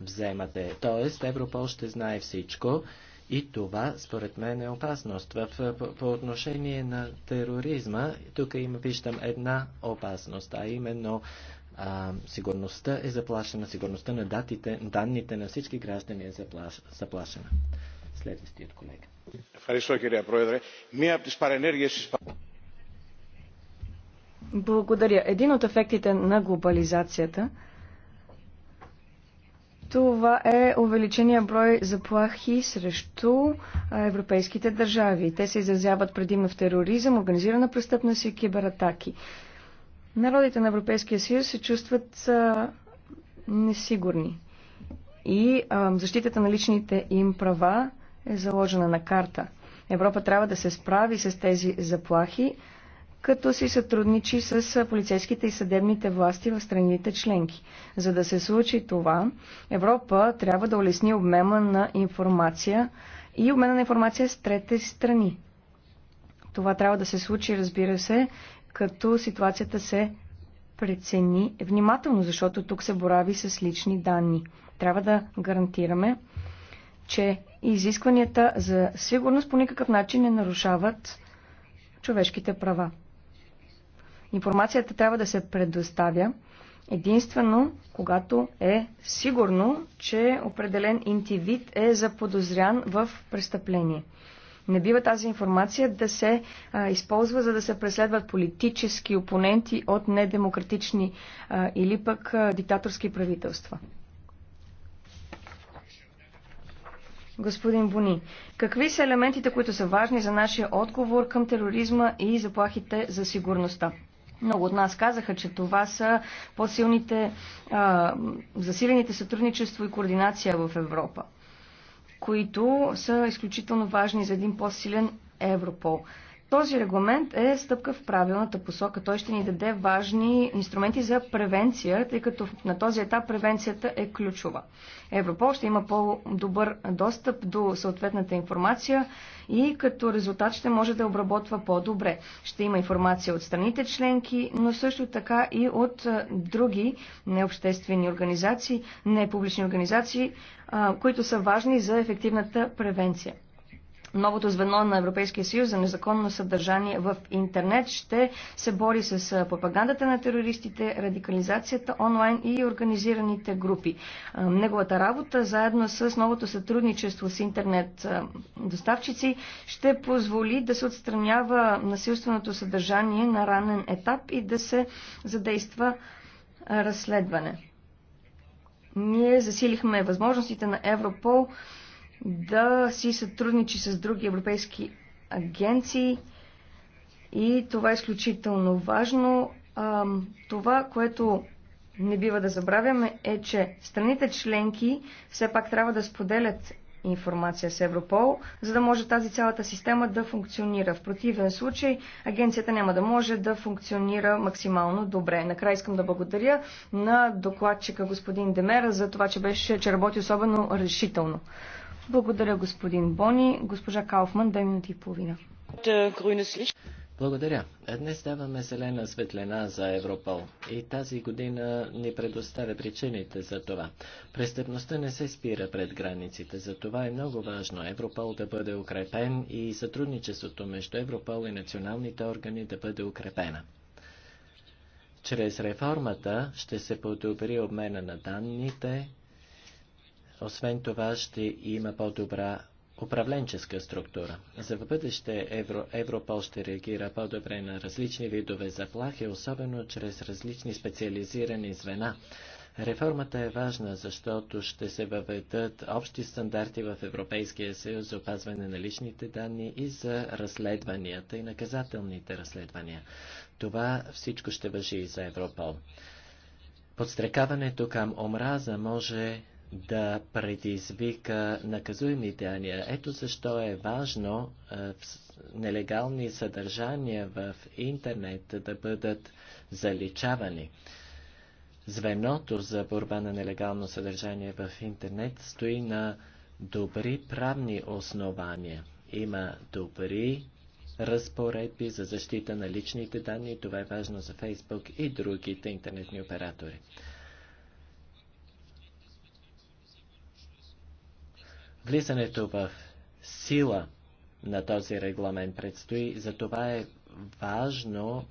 вземате. Тоест, Европол ще знае всичко. И това, според мен, е опасност. В, е, по, по отношение на тероризма, тук има, виждам една опасност, а именно а, сигурността е заплашена, сигурността на датите, данните на всички граждани е заплаш, заплашена. Следващият колега. Благодаря. Един от ефектите на глобализацията това е увеличения брой заплахи срещу европейските държави. Те се изразяват предимно в тероризъм, организирана престъпност и кибератаки. Народите на Европейския съюз се чувстват а, несигурни. И а, защитата на личните им права е заложена на карта. Европа трябва да се справи с тези заплахи, като си сътрудничи с полицейските и съдебните власти в страните членки. За да се случи това, Европа трябва да улесни обмена на информация и обмена на информация с трети страни. Това трябва да се случи, разбира се, като ситуацията се прецени внимателно, защото тук се борави с лични данни. Трябва да гарантираме, че изискванията за сигурност по никакъв начин не нарушават човешките права. Информацията трябва да се предоставя единствено, когато е сигурно, че определен индивид е заподозрян в престъпление. Не бива тази информация да се а, използва, за да се преследват политически опоненти от недемократични а, или пък а, диктаторски правителства. Господин Буни, какви са елементите, които са важни за нашия отговор към тероризма и заплахите за сигурността? Много от нас казаха, че това са по-силните, засилените сътрудничество и координация в Европа които са изключително важни за един по-силен Европол. Този регламент е стъпка в правилната посока. Той ще ни даде важни инструменти за превенция, тъй като на този етап превенцията е ключова. Европол ще има по-добър достъп до съответната информация и като резултат ще може да обработва по-добре. Ще има информация от страните членки, но също така и от други необществени организации, непублични организации, които са важни за ефективната превенция новото звено на Европейския съюз за незаконно съдържание в интернет ще се бори с пропагандата на терористите, радикализацията онлайн и организираните групи. Неговата работа заедно с новото сътрудничество с интернет доставчици ще позволи да се отстранява насилственото съдържание на ранен етап и да се задейства разследване. Ние засилихме възможностите на Европол да си сътрудничи с други европейски агенции и това е изключително важно. Това, което не бива да забравяме е, че страните членки все пак трябва да споделят информация с Европол, за да може тази цялата система да функционира. В противен случай агенцията няма да може да функционира максимално добре. Накрая искам да благодаря на докладчика господин Демера за това, че, беше, че работи особено решително. Благодаря, господин Бони. Госпожа Кауфман, две минути и половина. Благодаря. Днес даваме зелена светлина за Европол и тази година ни предоставя причините за това. Престъпността не се спира пред границите, за това е много важно Европол да бъде укрепен и сътрудничеството между Европол и националните органи да бъде укрепена. Чрез реформата ще се подобри обмена на данните, освен това ще има по-добра управленческа структура. За в бъдеще Евро, Европол ще реагира по-добре на различни видове заплахи, особено чрез различни специализирани звена. Реформата е важна, защото ще се въведат общи стандарти в Европейския съюз за опазване на личните данни и за разследванията и наказателните разследвания. Това всичко ще въжи и за Европол. Подстрекаването към омраза може да предизвика наказуеми деяния. Ето защо е важно е, нелегални съдържания в интернет да бъдат заличавани. Звеното за борба на нелегално съдържание в интернет стои на добри правни основания. Има добри разпоредби за защита на личните данни. Това е важно за Фейсбук и другите интернетни оператори. Влизането в сила на този регламент предстои, затова е важно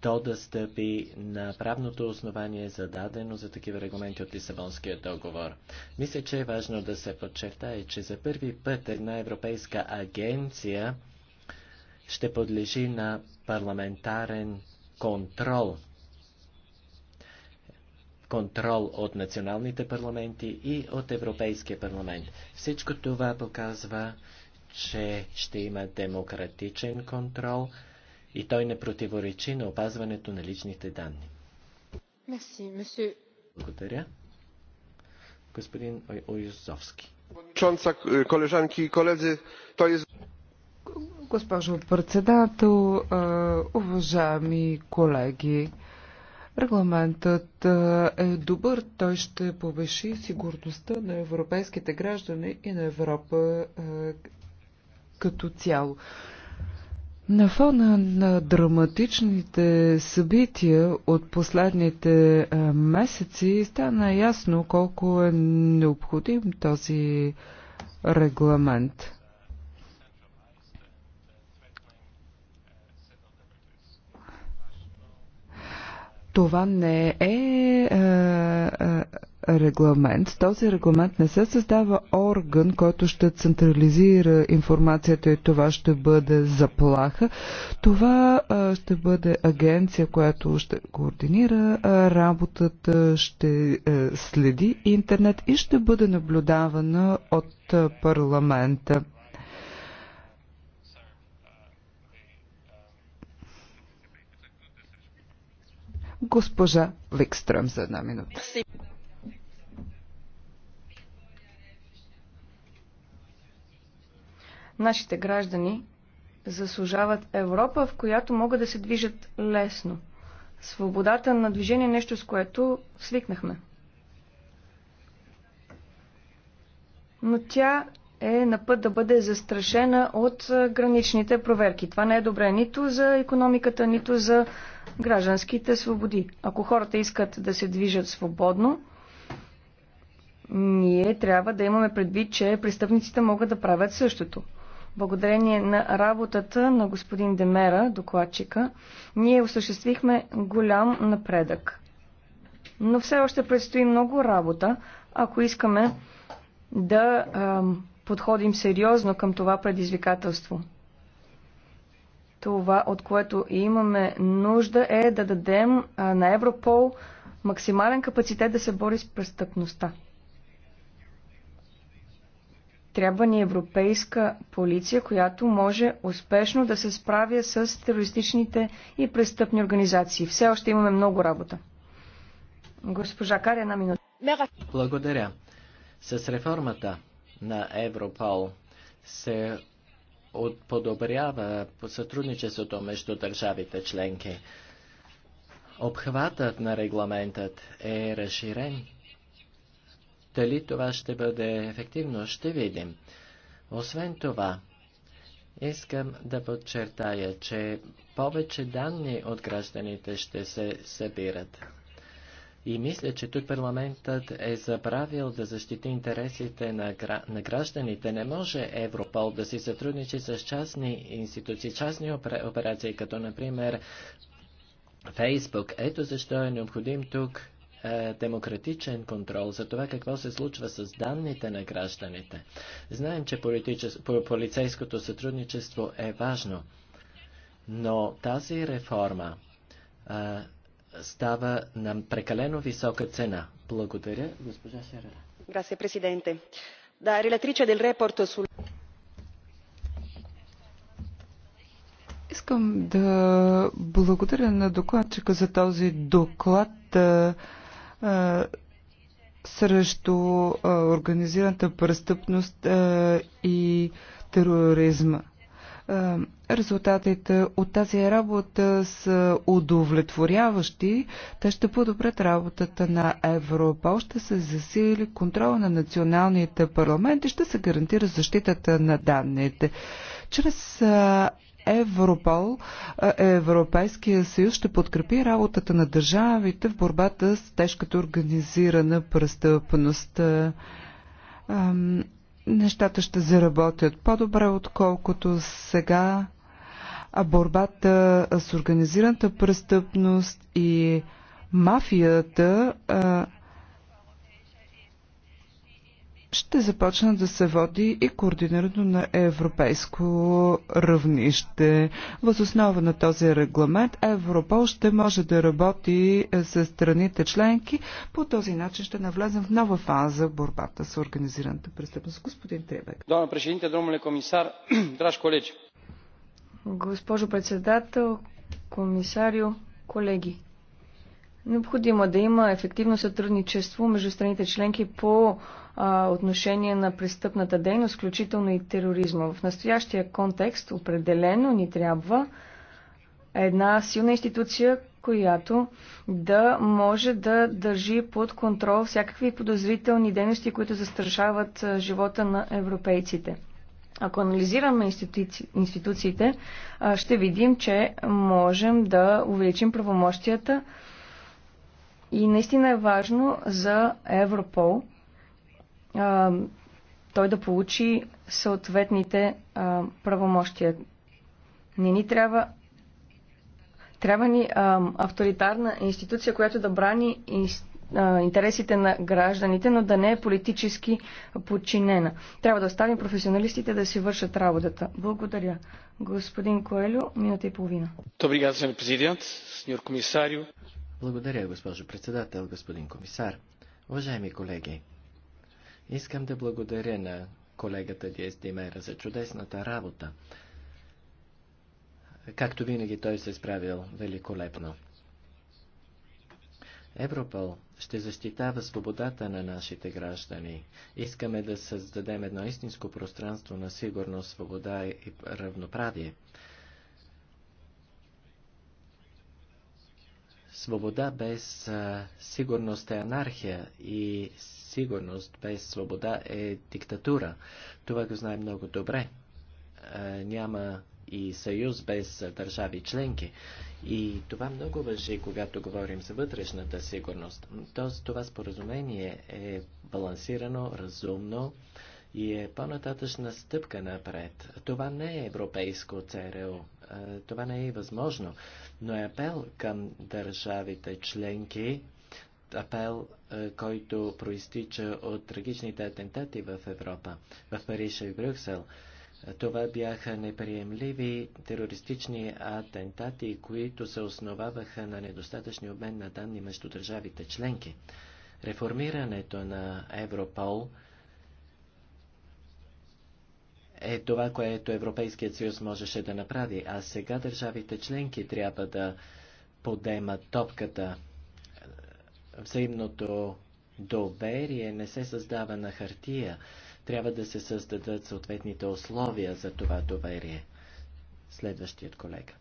то да стъпи на правното основание зададено за такива регламенти от Лисабонския договор. Мисля, че е важно да се подчертае, че за първи път една европейска агенция ще подлежи на парламентарен контрол – контрол от националните парламенти и от Европейския парламент. Всичко това показва, че ще има демократичен контрол и той не противоречи на опазването на личните данни. Merci, Благодаря. Господин Уюзовски. Колежанки и колези, той е... Госпожо председател, е, уважаеми колеги, Регламентът е добър. Той ще повеши сигурността на европейските граждани и на Европа е, като цяло. На фона на драматичните събития от последните е, месеци стана ясно колко е необходим този регламент. Това не е е, е регламент. този регламент не се създава орган, който ще централизира информацията и това ще бъде заплаха. Това е, ще бъде агенция, която ще координира е, работата, ще е, следи интернет и ще бъде наблюдавана от е, парламента. Госпожа Викстръм за една минута. Нашите граждани заслужават Европа, в която могат да се движат лесно. Свободата на движение е нещо, с което свикнахме. Но тя е на път да бъде застрашена от граничните проверки. Това не е добре нито за економиката, нито за гражданските свободи. Ако хората искат да се движат свободно, ние трябва да имаме предвид, че престъпниците могат да правят същото. Благодарение на работата на господин Демера, докладчика, ние осъществихме голям напредък. Но все още предстои много работа, ако искаме да ам, подходим сериозно към това предизвикателство. Това, от което имаме нужда е да дадем на Европол максимален капацитет да се бори с престъпността. Трябва ни европейска полиция, която може успешно да се справя с терористичните и престъпни организации. Все още имаме много работа. Госпожа Каря, една минута. Благодаря. С реформата на Европол се подобрява сътрудничеството между държавите членки. Обхватът на регламентът е разширен. Дали това ще бъде ефективно, ще видим. Освен това, искам да подчертая, че повече данни от гражданите ще се събират. И мисля, че тук парламентът е забравил да защити интересите на, гра... на гражданите. Не може Европол да си сътрудничи с частни институции, частни операции, като например Фейсбук. Ето защо е необходим тук е, демократичен контрол за това какво се случва с данните на гражданите. Знаем, че политичес... полицейското сътрудничество е важно, но тази реформа е, става на прекалено висока цена. Благодаря, госпожа Шерера. Grazie Presidente. Da relatrice del report sul... Искам да благодаря на докладчика за този доклад а, а, срещу а, организираната престъпност а, и тероризма. Е, резултатите от тази работа са удовлетворяващи. Те ще подобрят работата на Европол, ще се засили контрола на националните парламенти, ще се гарантира защитата на данните. Чрез е, Европол, е, Европейския съюз ще подкрепи работата на държавите в борбата с тежката организирана престъпност нещата ще заработят по-добре, отколкото сега. А борбата с организираната престъпност и мафията ще започна да се води и координирано на европейско равнище. Въз основа на този регламент Европол ще може да работи е, с страните членки. По този начин ще навлезем в нова фаза в борбата с организираната престъпност. Господин Требек. Доамна președинте, домнule комисар, драж колеги. Госпожо председател, комисарио, колеги. Необходимо е да има ефективно сътрудничество между страните членки по а, отношение на престъпната дейност, включително и тероризма. В настоящия контекст определено ни трябва една силна институция, която да може да държи под контрол всякакви подозрителни дейности, които застрашават живота на европейците. Ако анализираме институци... институциите, ще видим, че можем да увеличим правомощията и наистина е важно за Европол а, той да получи съответните а, правомощия. Не ни трябва. Трябва ни а, авторитарна институция, която да брани интересите на гражданите, но да не е политически подчинена. Трябва да оставим професионалистите да си вършат работата. Благодаря. Господин Коелю, минута и половина. Добре, господин президент, сеньор комисарио. Благодаря, госпожо председател, господин комисар. Уважаеми колеги, искам да благодаря на колегата Диес Димера за чудесната работа. Както винаги той се е справил великолепно. Европол ще защитава свободата на нашите граждани. Искаме да създадем едно истинско пространство на сигурност, свобода и равноправие. Свобода без а, сигурност е анархия и сигурност без свобода е диктатура. Това го знае много добре. А, няма и съюз без държави членки. И това много въжи, когато говорим за вътрешната сигурност. Тоест, това споразумение е балансирано, разумно и е по-нататъчна стъпка напред. Това не е европейско ЦРУ. Това не е възможно но е апел към държавите членки, апел, е, който проистича от трагичните атентати в Европа, в Париж и Брюксел. Това бяха неприемливи терористични атентати, които се основаваха на недостатъчни обмен на данни между държавите членки. Реформирането на Европол – е това, което Европейският съюз можеше да направи. А сега държавите членки трябва да подемат топката. Взаимното доверие не се създава на хартия. Трябва да се създадат съответните условия за това доверие. Следващият колега.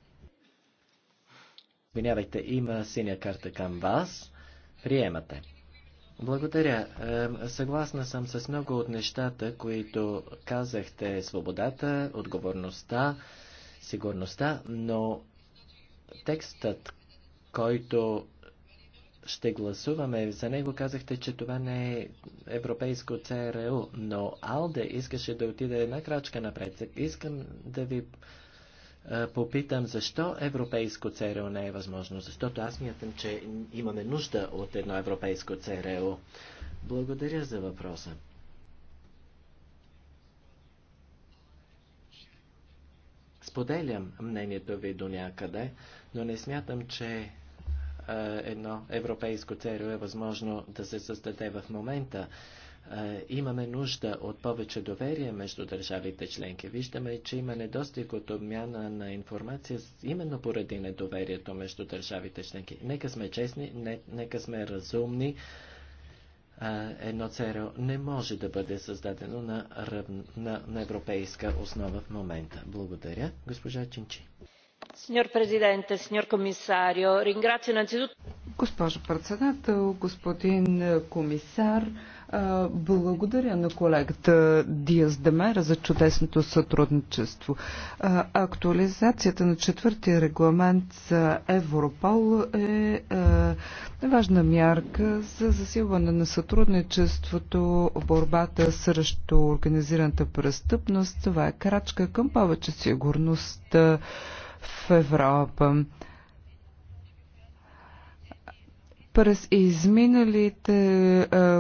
Винявайте, има синя карта към вас. Приемате. Благодаря. Съгласна съм с много от нещата, които казахте. Свободата, отговорността, сигурността, но текстът, който ще гласуваме, за него казахте, че това не е европейско ЦРУ, но Алде искаше да отиде една крачка напред. Искам да ви е, попитам защо европейско ЦРУ не е възможно, защото аз мятам, че имаме нужда от едно европейско ЦРУ. Благодаря за въпроса. Споделям мнението ви до някъде, но не смятам, че е, едно европейско ЦРУ е възможно да се създаде в момента. Е, имаме нужда от повече доверие между държавите членки. Виждаме, че има недостиг от обмяна на информация именно поради недоверието между държавите членки. Нека сме честни, не, нека сме разумни. Е, едно ЦРО не може да бъде създадено на, ръв... на, на европейска основа в момента. Благодаря, госпожа Чинчи. Signor Presidente, signor Commissario, ringrazio innanzitutto... Госпожо председател, господин комисар, благодаря на колегата Диас Демера за чудесното сътрудничество. Актуализацията на четвъртия регламент за Европол е важна мярка за засилване на сътрудничеството в борбата срещу организираната престъпност. Това е крачка към повече сигурност в Европа. През изминалите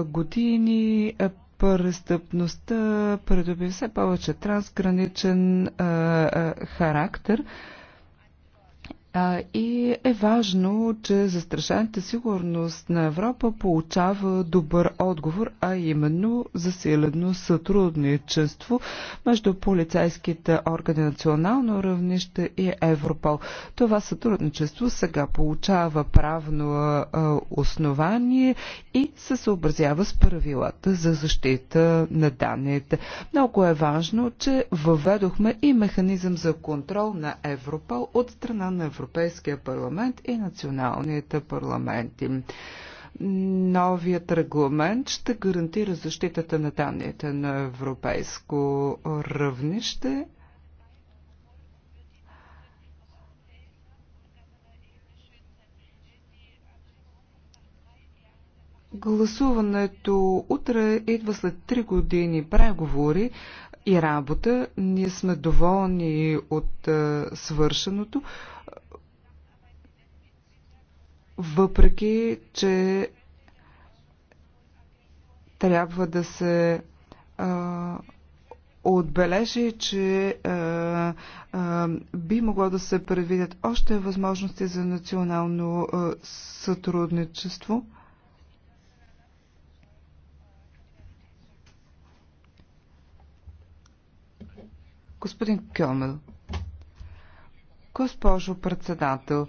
години престъпността придоби все повече трансграничен характер. А, и е важно, че застрашената сигурност на Европа получава добър отговор, а именно засилено сътрудничество между полицейските органи национално равнище и Европол. Това сътрудничество сега получава правно а, основание и се съобразява с правилата за защита на данните. Много е важно, че въведохме и механизъм за контрол на Европол от страна на Европол Европейския парламент и националните парламенти. Новият регламент ще гарантира защитата на данните на европейско равнище Гласуването утре идва след 3 години преговори и работа. Ние сме доволни от свършеното въпреки че трябва да се а, отбележи, че а, а, би могло да се предвидят още възможности за национално а, сътрудничество. Господин Кьомел, госпожо председател,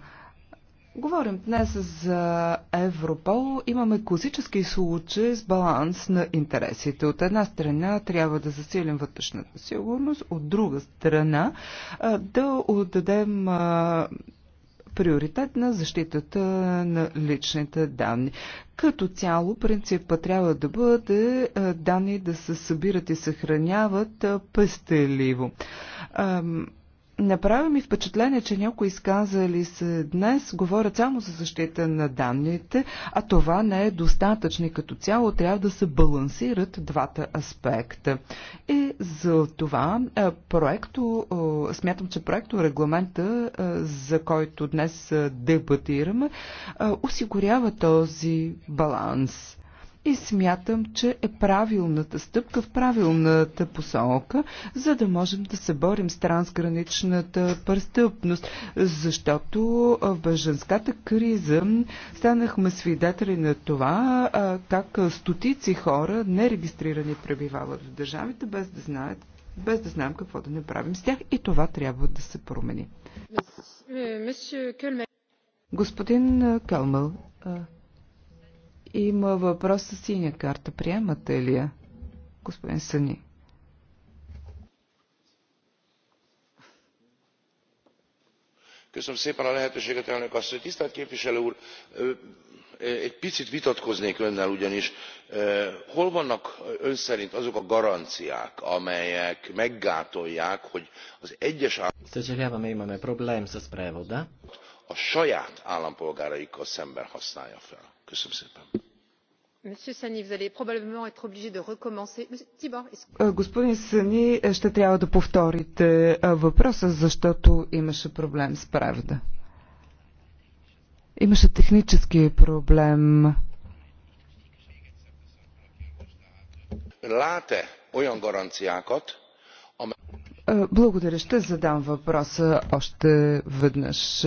Говорим днес за Европол. Имаме класически случаи с баланс на интересите. От една страна трябва да засилим вътрешната сигурност, от друга страна да отдадем приоритет на защитата на личните данни. Като цяло принципа трябва да бъде данни да се събират и съхраняват пестеливо. Направи ми впечатление, че някои изказали се днес говорят само за защита на данните, а това не е достатъчно и като цяло трябва да се балансират двата аспекта. И за това проекто, смятам, че проекто регламента, за който днес дебатираме, осигурява този баланс и смятам, че е правилната стъпка в правилната посока, за да можем да се борим с трансграничната престъпност, защото в беженската криза станахме свидетели на това как стотици хора, нерегистрирани, пребивават в държавите, без да знаят без да знаем какво да направим с тях и това трябва да се промени. Е, Господин Кълмел, има въпрос с синя карта. Приемате ли я, господин Сани? Köszönöm szépen a lehetőséget, elnök asszony. Tisztelt képviselő úr, egy picit vitatkoznék önnel ugyanis. Hol vannak ön szerint azok a garanciák, amelyek meggátolják, hogy az egyes államok a saját állampolgáraikkal szemben használja fel? Е, господин Сани, е, ще трябва да повторите е, въпроса, защото имаше проблем с правда. Имаше технически проблем. Лате, ойон olyan Благодаря. Ще задам въпроса още веднъж.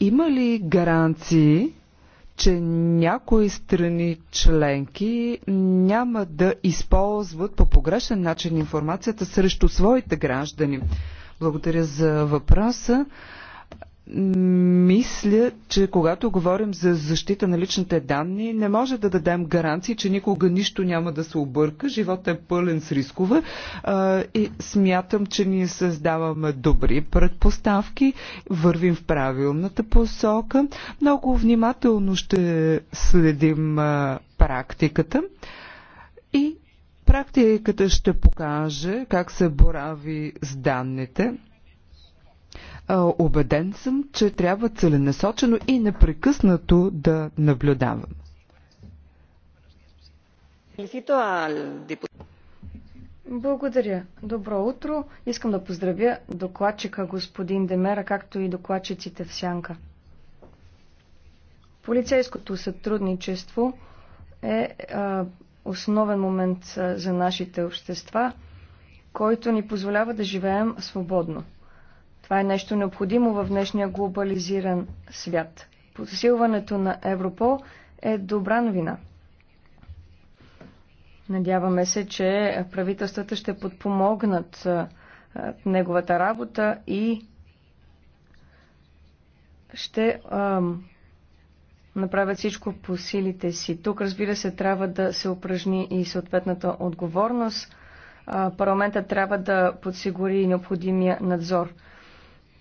Има ли гаранции, че някои страни членки няма да използват по погрешен начин информацията срещу своите граждани? Благодаря за въпроса. Мисля, че когато говорим за защита на личните данни, не може да дадем гаранции, че никога нищо няма да се обърка. Животът е пълен с рискове и смятам, че ние създаваме добри предпоставки, вървим в правилната посока. Много внимателно ще следим практиката и практиката ще покаже как се борави с данните Обеден съм, че трябва целенасочено и непрекъснато да наблюдавам. Благодаря. Добро утро. Искам да поздравя докладчика господин Демера, както и докладчиците в Сянка. Полицейското сътрудничество е а, основен момент за нашите общества, който ни позволява да живеем свободно. Това е нещо необходимо в днешния глобализиран свят. Посилването на Европол е добра новина. Надяваме се, че правителствата ще подпомогнат неговата работа и ще ам, направят всичко по силите си. Тук, разбира се, трябва да се упражни и съответната отговорност. А, парламента трябва да подсигури необходимия надзор.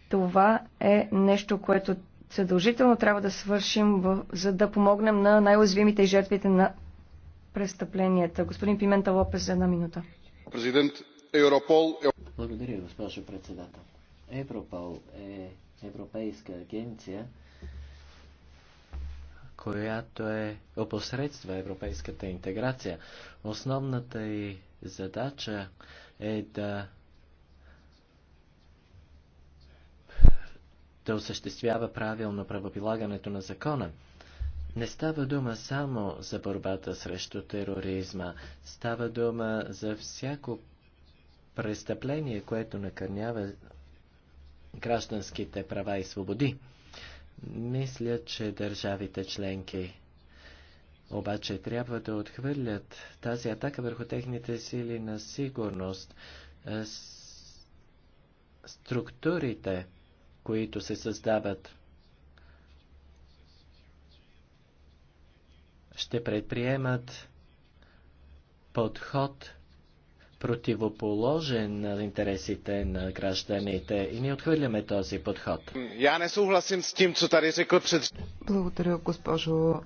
Това е нещо, което съдължително трябва да свършим, за да помогнем на най-уязвимите и жертвите на престъпленията. Господин Пимента Лопес за една минута. Президент Европол. Е- Благодаря, госпожо председател. Европол е Европейска агенция, която е опосредства европейската интеграция. Основната й задача е да да осъществява правилно правоприлагането на закона. Не става дума само за борбата срещу тероризма, става дума за всяко престъпление, което накърнява гражданските права и свободи. Мисля, че държавите членки обаче трябва да отхвърлят тази атака върху техните сили на сигурност. Структурите които се създават. Ще предприемат подход противоположен на интересите на гражданите и ние отхвърляме този подход. Я не съгласим с тим, че тази řekl пред... Благодаря, госпожо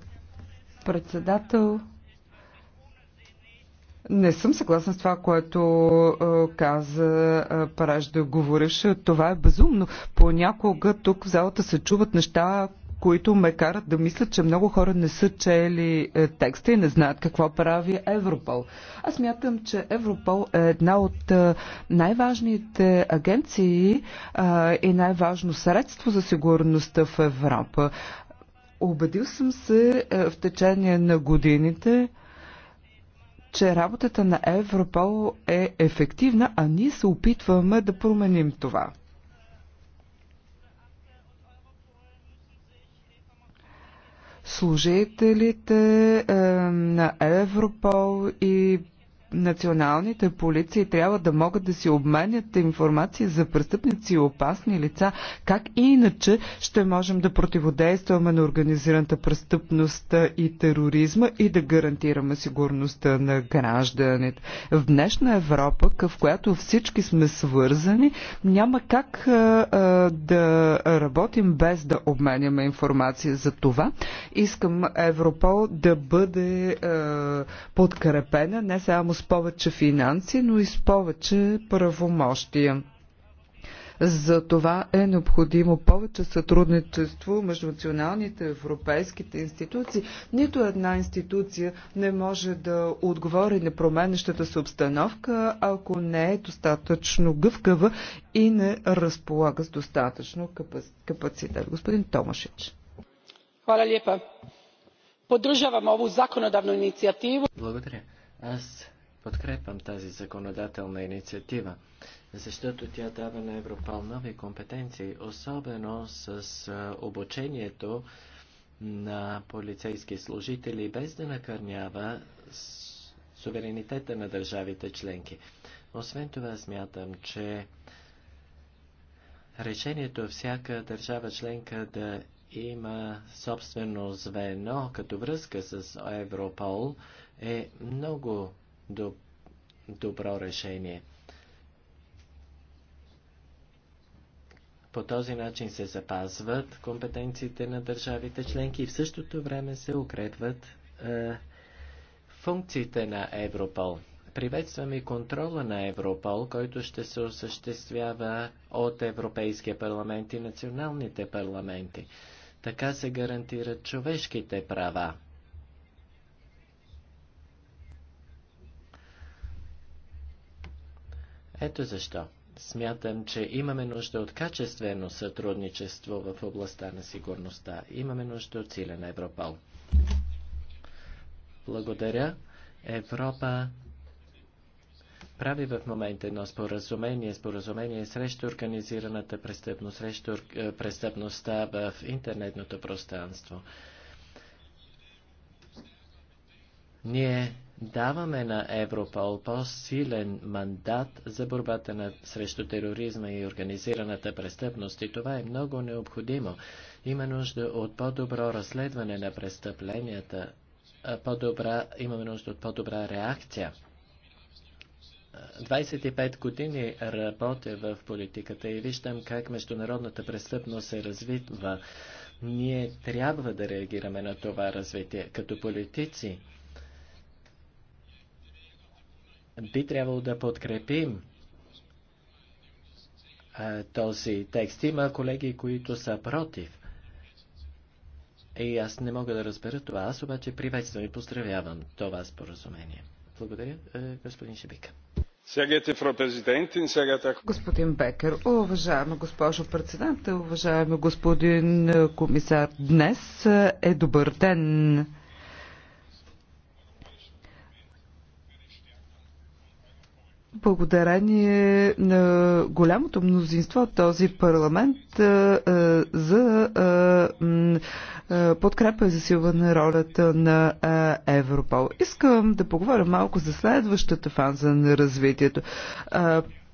председател. Не съм съгласна с това, което каза да говориш. Това е безумно. Понякога тук в залата се чуват неща, които ме карат да мислят, че много хора не са чели е, текста и не знаят какво прави Европол. Аз мятам, че Европол е една от е, най-важните агенции е, и най-важно средство за сигурността в Европа. Обедил съм се в течение на годините, че работата на Европол е ефективна, а ние се опитваме да променим това. служителите е, на Европол и националните полиции трябва да могат да си обменят информация за престъпници и опасни лица. Как и иначе ще можем да противодействаме на организираната престъпност и тероризма и да гарантираме сигурността на гражданите? В днешна Европа, в която всички сме свързани, няма как а, а, да работим без да обменяме информация за това. Искам Европол да бъде а, подкрепена не само с повече финанси, но и с повече правомощия. За това е необходимо повече сътрудничество между националните европейските институции. Нито една институция не може да отговори на променещата се обстановка, ако не е достатъчно гъвкава и не разполага с достатъчно капацитет. Господин Томашич. Хвала лепа. Podržavam ову zakonodavnu инициативу. Благодаря. Аз подкрепям тази законодателна инициатива, защото тя дава на Европол нови компетенции, особено с обучението на полицейски служители, без да накърнява суверенитета на държавите членки. Освен това смятам, че решението всяка държава членка да има собствено звено като връзка с Европол е много добро решение. По този начин се запазват компетенциите на държавите членки и в същото време се укрепват е, функциите на Европол. Приветствам и контрола на Европол, който ще се осъществява от Европейския парламент и националните парламенти. Така се гарантират човешките права. Ето защо. Смятам, че имаме нужда от качествено сътрудничество в областта на сигурността. Имаме нужда от силен Европол. Благодаря. Европа прави в момента едно споразумение, споразумение срещу организираната престъпност, срещу е, престъпността в интернетното пространство. Ние даваме на Европол по-силен мандат за борбата на, срещу тероризма и организираната престъпност и това е много необходимо. Има нужда от по-добро разследване на престъпленията, по-добра, имаме нужда от по-добра реакция. 25 години работя в политиката и виждам как международната престъпност се развитва. Ние трябва да реагираме на това развитие. Като политици, би трябвало да подкрепим този текст. Има колеги, които са против. И аз не мога да разбера това. Аз обаче приветствам и поздравявам това споразумение. Благодаря, господин Шебика. Господин Бекер, уважаема госпожо председател, уважаеми господин комисар, днес е добър ден. благодарение на голямото мнозинство от този парламент за подкрепа и засилване ролята на Европол. Искам да поговоря малко за следващата фаза на развитието.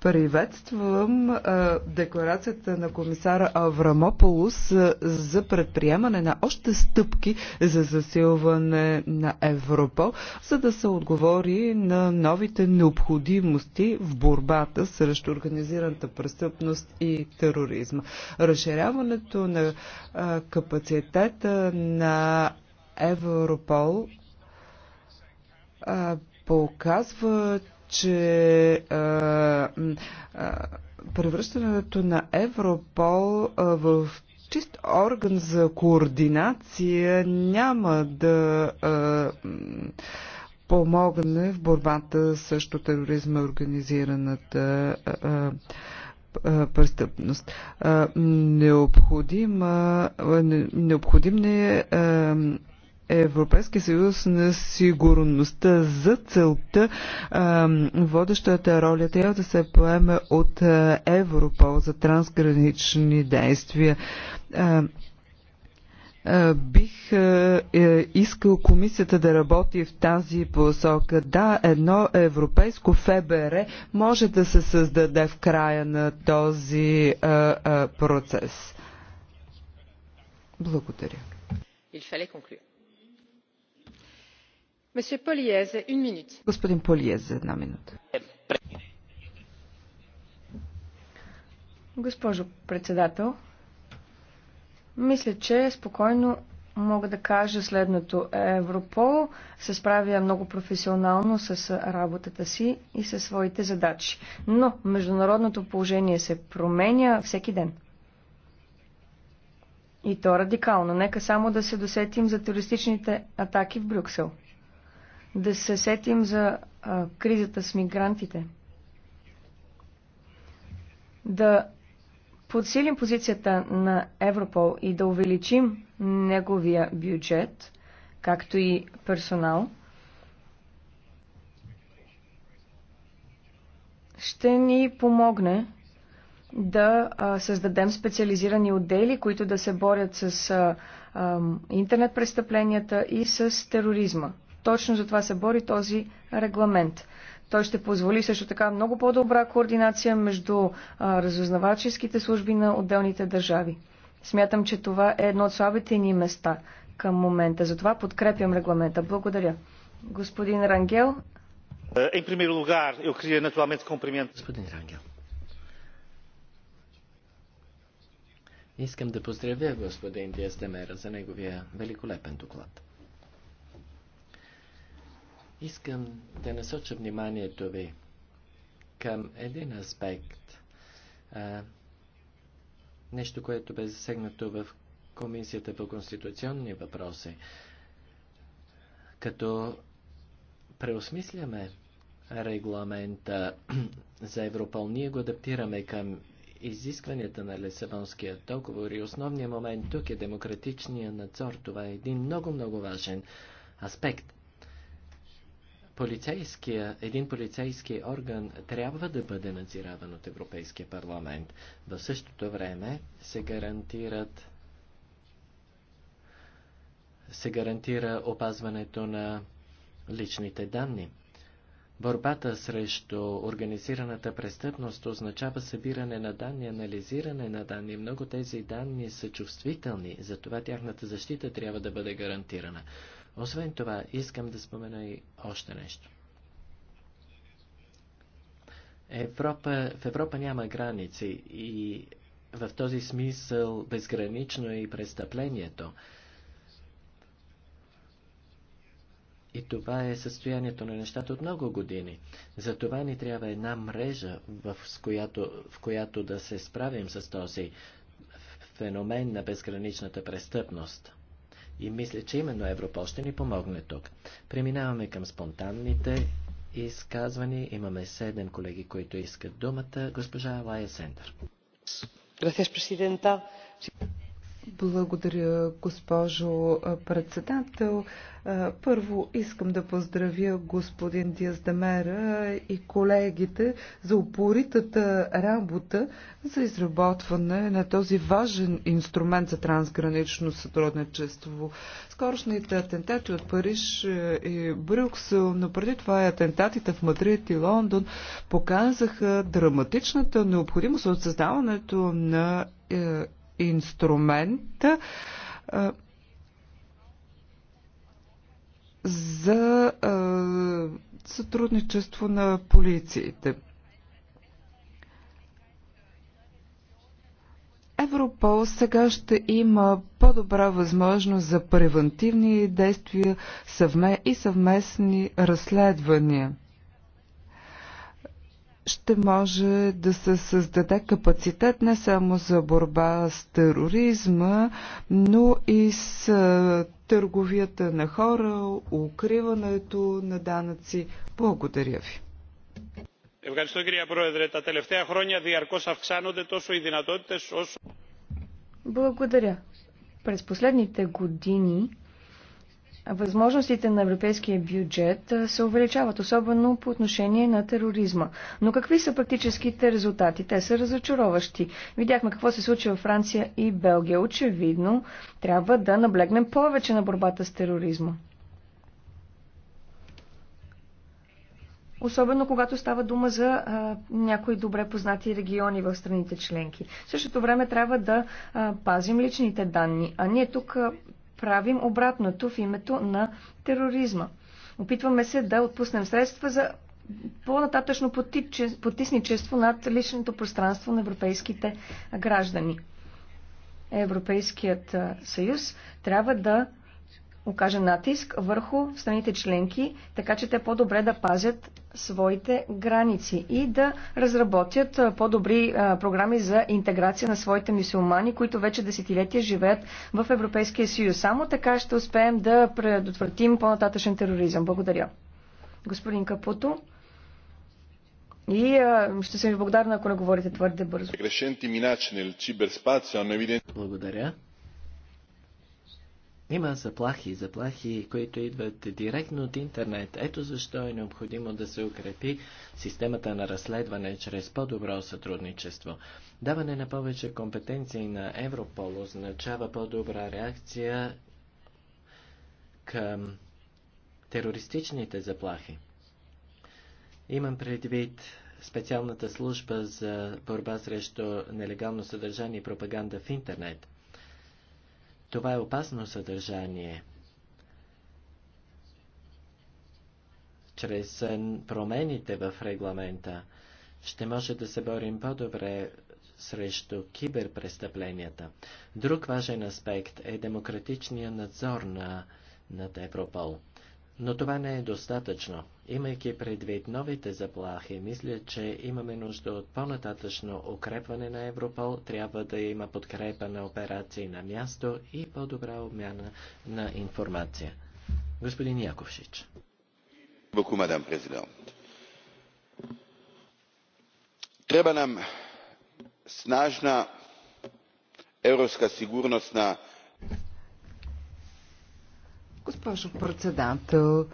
Приветствам а, декларацията на комисара Аврамополус а, за предприемане на още стъпки за засилване на Европол, за да се отговори на новите необходимости в борбата срещу организираната престъпност и тероризма. Разширяването на а, капацитета на Европол а, показва, че а, а, превръщането на Европол а, в чист орган за координация няма да а, помогне в борбата също тероризма и организираната а, а, престъпност. А, необходима, необходим не е Европейския съюз на сигурността за целта водещата роля трябва да се поеме от Европол за трансгранични действия бих е, искал комисията да работи в тази посока. Да, едно европейско ФБР може да се създаде в края на този процес. Благодаря. Il fallait conclure. Господин Полиез, за една минута. Госпожо председател, мисля, че спокойно мога да кажа следното. Европол се справя много професионално с работата си и със своите задачи. Но международното положение се променя всеки ден. И то радикално. Нека само да се досетим за терористичните атаки в Брюксел – да се сетим за а, кризата с мигрантите. Да подсилим позицията на Европол и да увеличим неговия бюджет, както и персонал, ще ни помогне да а, създадем специализирани отдели, които да се борят с а, а, интернет престъпленията и с тероризма. Точно за това се бори този регламент. Той ще позволи също така много по-добра координация между а, разузнаваческите служби на отделните държави. Смятам, че това е едно от слабите ни места към момента. Затова подкрепям регламента. Благодаря. Господин Рангел. Е, господин Рангел. Искам да поздравя господин Диастемера за неговия великолепен доклад. Искам да насоча вниманието ви към един аспект. А, нещо, което бе засегнато в Комисията по конституционни въпроси. Като преосмисляме регламента <clears throat> за Европол, ние го адаптираме към изискванията на Лесабонския договор и основният момент тук е демократичния надзор. Това е един много-много важен аспект полицейския, един полицейски орган трябва да бъде надзираван от Европейския парламент. В същото време се гарантират се гарантира опазването на личните данни. Борбата срещу организираната престъпност означава събиране на данни, анализиране на данни. Много тези данни са чувствителни, затова тяхната защита трябва да бъде гарантирана. Освен това, искам да спомена и още нещо. Европа, в Европа няма граници и в този смисъл безгранично е и престъплението. И това е състоянието на нещата от много години. За това ни трябва една мрежа, в която, в която да се справим с този феномен на безграничната престъпност. И мисля, че именно Европа ще ни помогне тук. Преминаваме към спонтанните изказвания. Имаме седем колеги, които искат думата. Госпожа Лая Сендър. Благодаря, президента. Благодаря, госпожо председател. Първо искам да поздравя господин Диаздамера и колегите за упоритата работа за изработване на този важен инструмент за трансгранично сътрудничество. Скорошните атентати от Париж и Брюксел, но преди това и атентатите в Мадрид и Лондон показаха драматичната необходимост от създаването на е, инструмент за сътрудничество на полициите. Европол сега ще има по-добра възможност за превентивни действия и съвместни разследвания ще може да се създаде капацитет не само за борба с тероризма, но и с търговията на хора, укриването на данъци. Благодаря ви. Ευχαριστώ κυρία Πρόεδρε. Τα τελευταία χρόνια διαρκώς αυξάνονται τόσο οι δυνατότητες όσο... Благодаря. През последните години Възможностите на европейския бюджет се увеличават, особено по отношение на тероризма. Но какви са практическите резултати? Те са разочароващи. Видяхме какво се случи във Франция и Белгия. Очевидно, трябва да наблегнем повече на борбата с тероризма. Особено когато става дума за а, някои добре познати региони в страните членки. В същото време трябва да а, пазим личните данни. А ние тук а, правим обратното в името на тероризма. Опитваме се да отпуснем средства за по-нататъчно потисничество над личното пространство на европейските граждани. Европейският съюз трябва да окаже натиск върху страните членки, така че те по-добре да пазят своите граници и да разработят по-добри програми за интеграция на своите мисулмани, които вече десетилетия живеят в Европейския съюз. Само така ще успеем да предотвратим по-нататъчен тероризъм. Благодаря. Господин Капуто. И а, ще съм ви благодарна, ако не говорите твърде бързо. Благодаря. Има заплахи, заплахи, които идват директно от интернет. Ето защо е необходимо да се укрепи системата на разследване чрез по-добро сътрудничество. Даване на повече компетенции на Европол означава по-добра реакция към терористичните заплахи. Имам предвид специалната служба за борба срещу нелегално съдържание и пропаганда в интернет – това е опасно съдържание. Чрез е, промените в регламента ще може да се борим по-добре срещу киберпрестъпленията. Друг важен аспект е демократичния надзор на, над Европол. Но това не е достатъчно. Имайки предвид новите заплахи, мисля, че имаме нужда от по-нататъчно укрепване на Европол, трябва да има подкрепа на операции на място и по-добра обмяна на информация. Господин Яковшич. Благодаря, мадам президент. Треба нам снажна snažna europska sigurnosna Госпожо председател,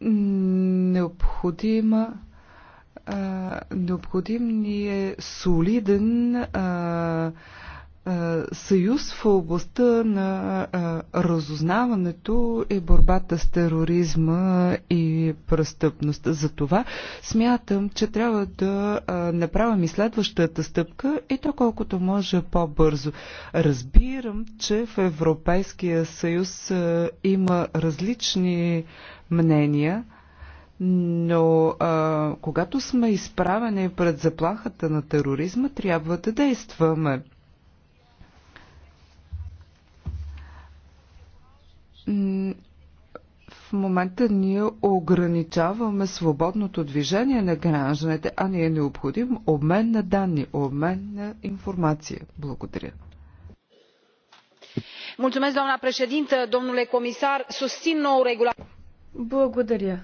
необходима необходим ни е солиден а, съюз в областта на разузнаването и е борбата с тероризма и престъпността. За това смятам, че трябва да направим и следващата стъпка и то колкото може по-бързо. Разбирам, че в Европейския съюз има различни мнения, но а, когато сме изправени пред заплахата на тероризма, трябва да действаме. в момента ние ограничаваме свободното движение на гражданите, а ни е необходим обмен на данни, обмен на информация. Благодаря. Mulțumesc, doamna președintă, domnule comisar, susțin nou regulament. Благодаря,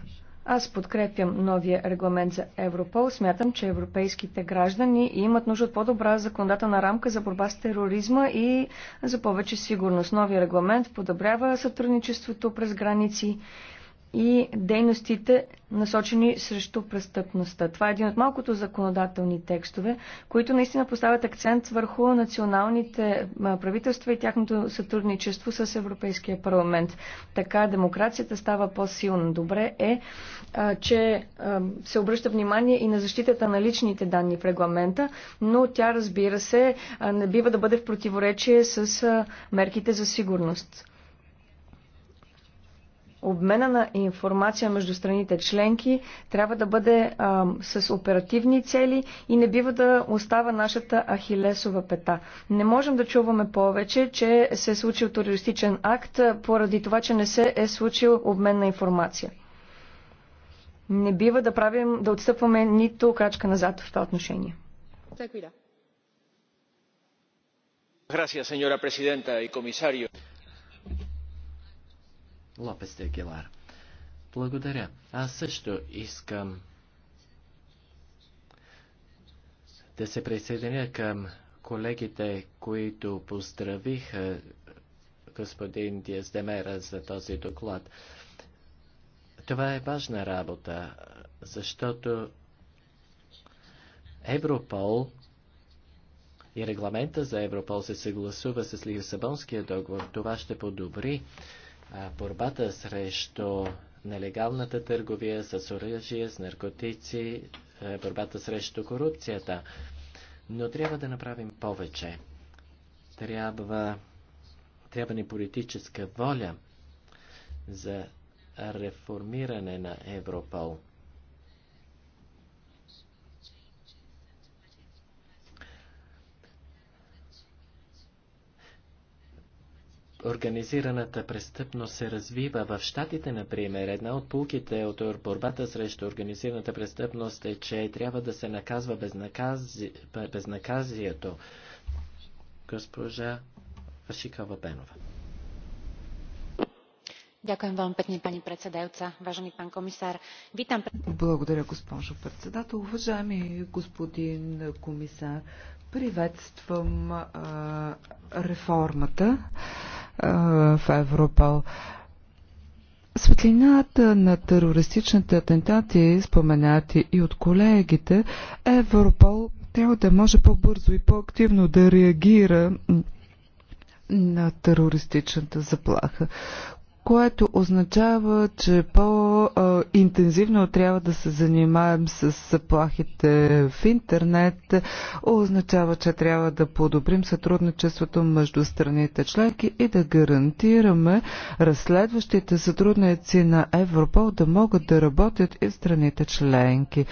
аз подкрепям новия регламент за Европол. Смятам, че европейските граждани имат нужда от по-добра законодателна рамка за борба с тероризма и за повече сигурност. Новия регламент подобрява сътрудничеството през граници и дейностите насочени срещу престъпността. Това е един от малкото законодателни текстове, които наистина поставят акцент върху националните правителства и тяхното сътрудничество с Европейския парламент. Така демокрацията става по-силна. Добре е, че се обръща внимание и на защитата на личните данни в регламента, но тя, разбира се, не бива да бъде в противоречие с мерките за сигурност обмена на информация между страните членки трябва да бъде а, с оперативни цели и не бива да остава нашата ахилесова пета. Не можем да чуваме повече, че се е случил терористичен акт поради това, че не се е случил обмен на информация. Не бива да правим, да отстъпваме нито крачка назад в това отношение. Благодаря, сеньора президента и комисарио. Лопес де Агилар. Благодаря. Аз също искам да се присъединя към колегите, които поздравиха господин Диаздемера за този доклад. Това е важна работа, защото Европол и регламента за Европол се съгласува с Лисабонския договор. Това ще подобри борбата срещу нелегалната търговия с оръжие, с наркотици, е, борбата срещу корупцията. Но трябва да направим повече. Трябва, трябва ни политическа воля за реформиране на Европол. Организираната престъпност се развива в Штатите, например. Една от пулките от борбата срещу организираната престъпност е, че трябва да се наказва безнакази... безнаказието. Госпожа Шикава Бенова. Благодаря, госпожо председател. Уважаеми господин комисар, приветствам а, реформата. А, в Европол. Светлината на терористичните атентати, споменати и от колегите, Европол трябва да може по-бързо и по-активно да реагира на терористичната заплаха което означава, че по-интензивно трябва да се занимаем с заплахите в интернет, означава, че трябва да подобрим сътрудничеството между страните членки и да гарантираме разследващите сътрудници на Европол да могат да работят и в страните членки.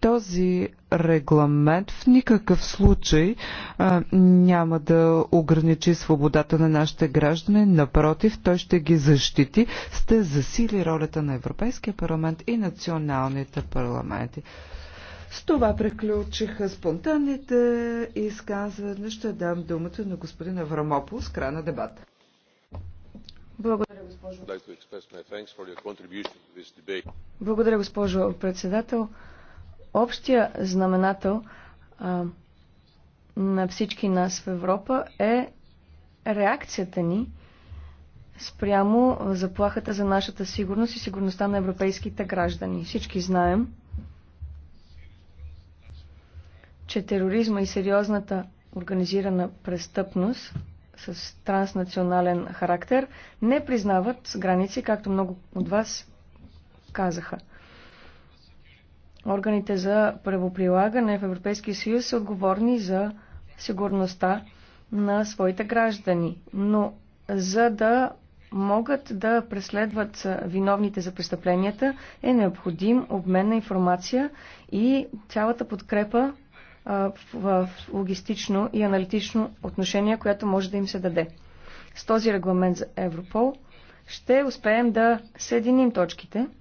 Този регламент в никакъв случай а, няма да ограничи свободата на нашите граждани. Напротив, той ще ги защити, ще засили ролята на Европейския парламент и националните парламенти. С това приключиха спонтанните изказвания. Ще дам думата на господин Аврамопол с края на дебата. Благодаря, госпожо. Благодаря, госпожо председател. Общия знаменател а, на всички нас в Европа е реакцията ни спрямо заплахата за нашата сигурност и сигурността на европейските граждани. Всички знаем, че тероризма и сериозната организирана престъпност с транснационален характер не признават граници, както много от вас казаха. Органите за правоприлагане в Европейския съюз са отговорни за сигурността на своите граждани, но за да могат да преследват виновните за престъпленията, е необходим обмен на информация и цялата подкрепа в логистично и аналитично отношение, която може да им се даде. С този регламент за Европол ще успеем да съединим точките –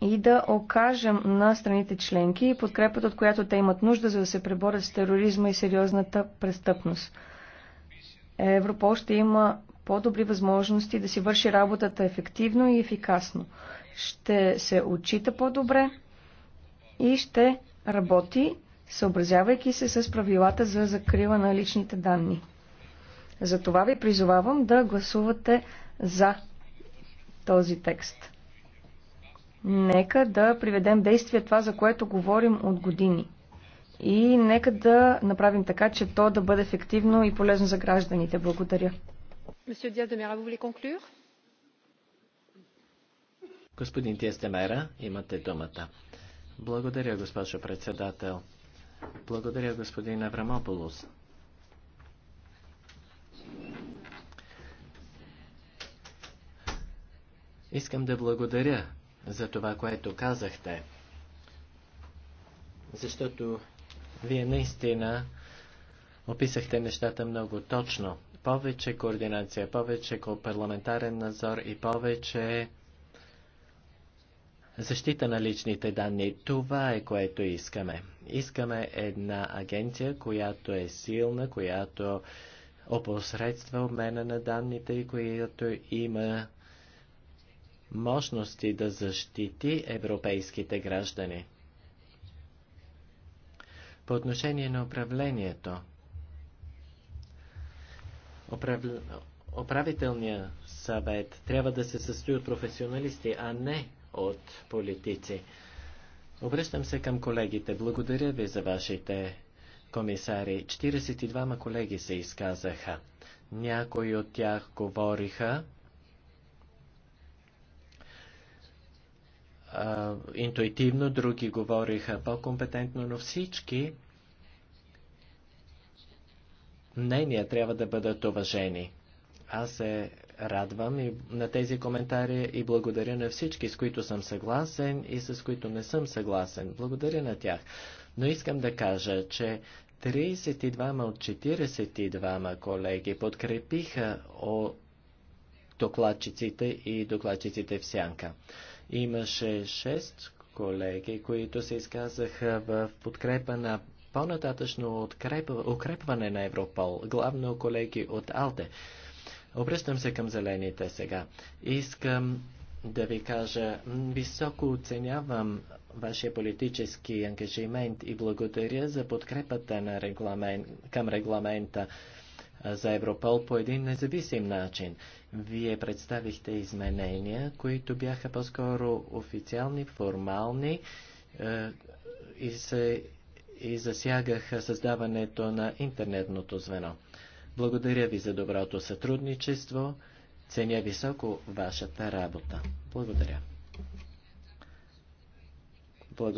и да окажем на страните членки подкрепата, от която те имат нужда, за да се преборят с тероризма и сериозната престъпност. Европол ще има по-добри възможности да си върши работата ефективно и ефикасно. Ще се отчита по-добре и ще работи, съобразявайки се с правилата за закрива на личните данни. Затова ви призовавам да гласувате за този текст. Нека да приведем действие това, за което говорим от години. И нека да направим така, че то да бъде ефективно и полезно за гражданите. Благодаря. Господин Диестемера, имате думата. Благодаря, госпожо председател. Благодаря, господин Аврамополос. Искам да благодаря за това, което казахте. Защото вие наистина описахте нещата много точно. Повече координация, повече парламентарен надзор и повече защита на личните данни. Това е което искаме. Искаме една агенция, която е силна, която опосредства обмена на данните и която има мощности да защити европейските граждани. По отношение на управлението, управ... управителният съвет трябва да се състои от професионалисти, а не от политици. Обръщам се към колегите. Благодаря ви за вашите комисари. 42 колеги се изказаха. Някои от тях говориха а, интуитивно, други говориха по-компетентно, но всички мнения трябва да бъдат уважени. Аз се радвам и на тези коментари и благодаря на всички, с които съм съгласен и с които не съм съгласен. Благодаря на тях. Но искам да кажа, че 32 от 42 колеги подкрепиха о докладчиците и докладчиците в сянка. Имаше шест колеги, които се изказаха в подкрепа на по-нататъчно укрепване на Европол, главно колеги от АЛТЕ. Обръщам се към зелените сега. Искам да ви кажа, високо оценявам вашия политически ангажимент и благодаря за подкрепата на регламент, към регламента за Европол по един независим начин. Вие представихте изменения, които бяха по-скоро официални, формални е, и, се, и засягаха създаването на интернетното звено. Благодаря ви за доброто сътрудничество. Ценя високо вашата работа. Благодаря. Благодаря.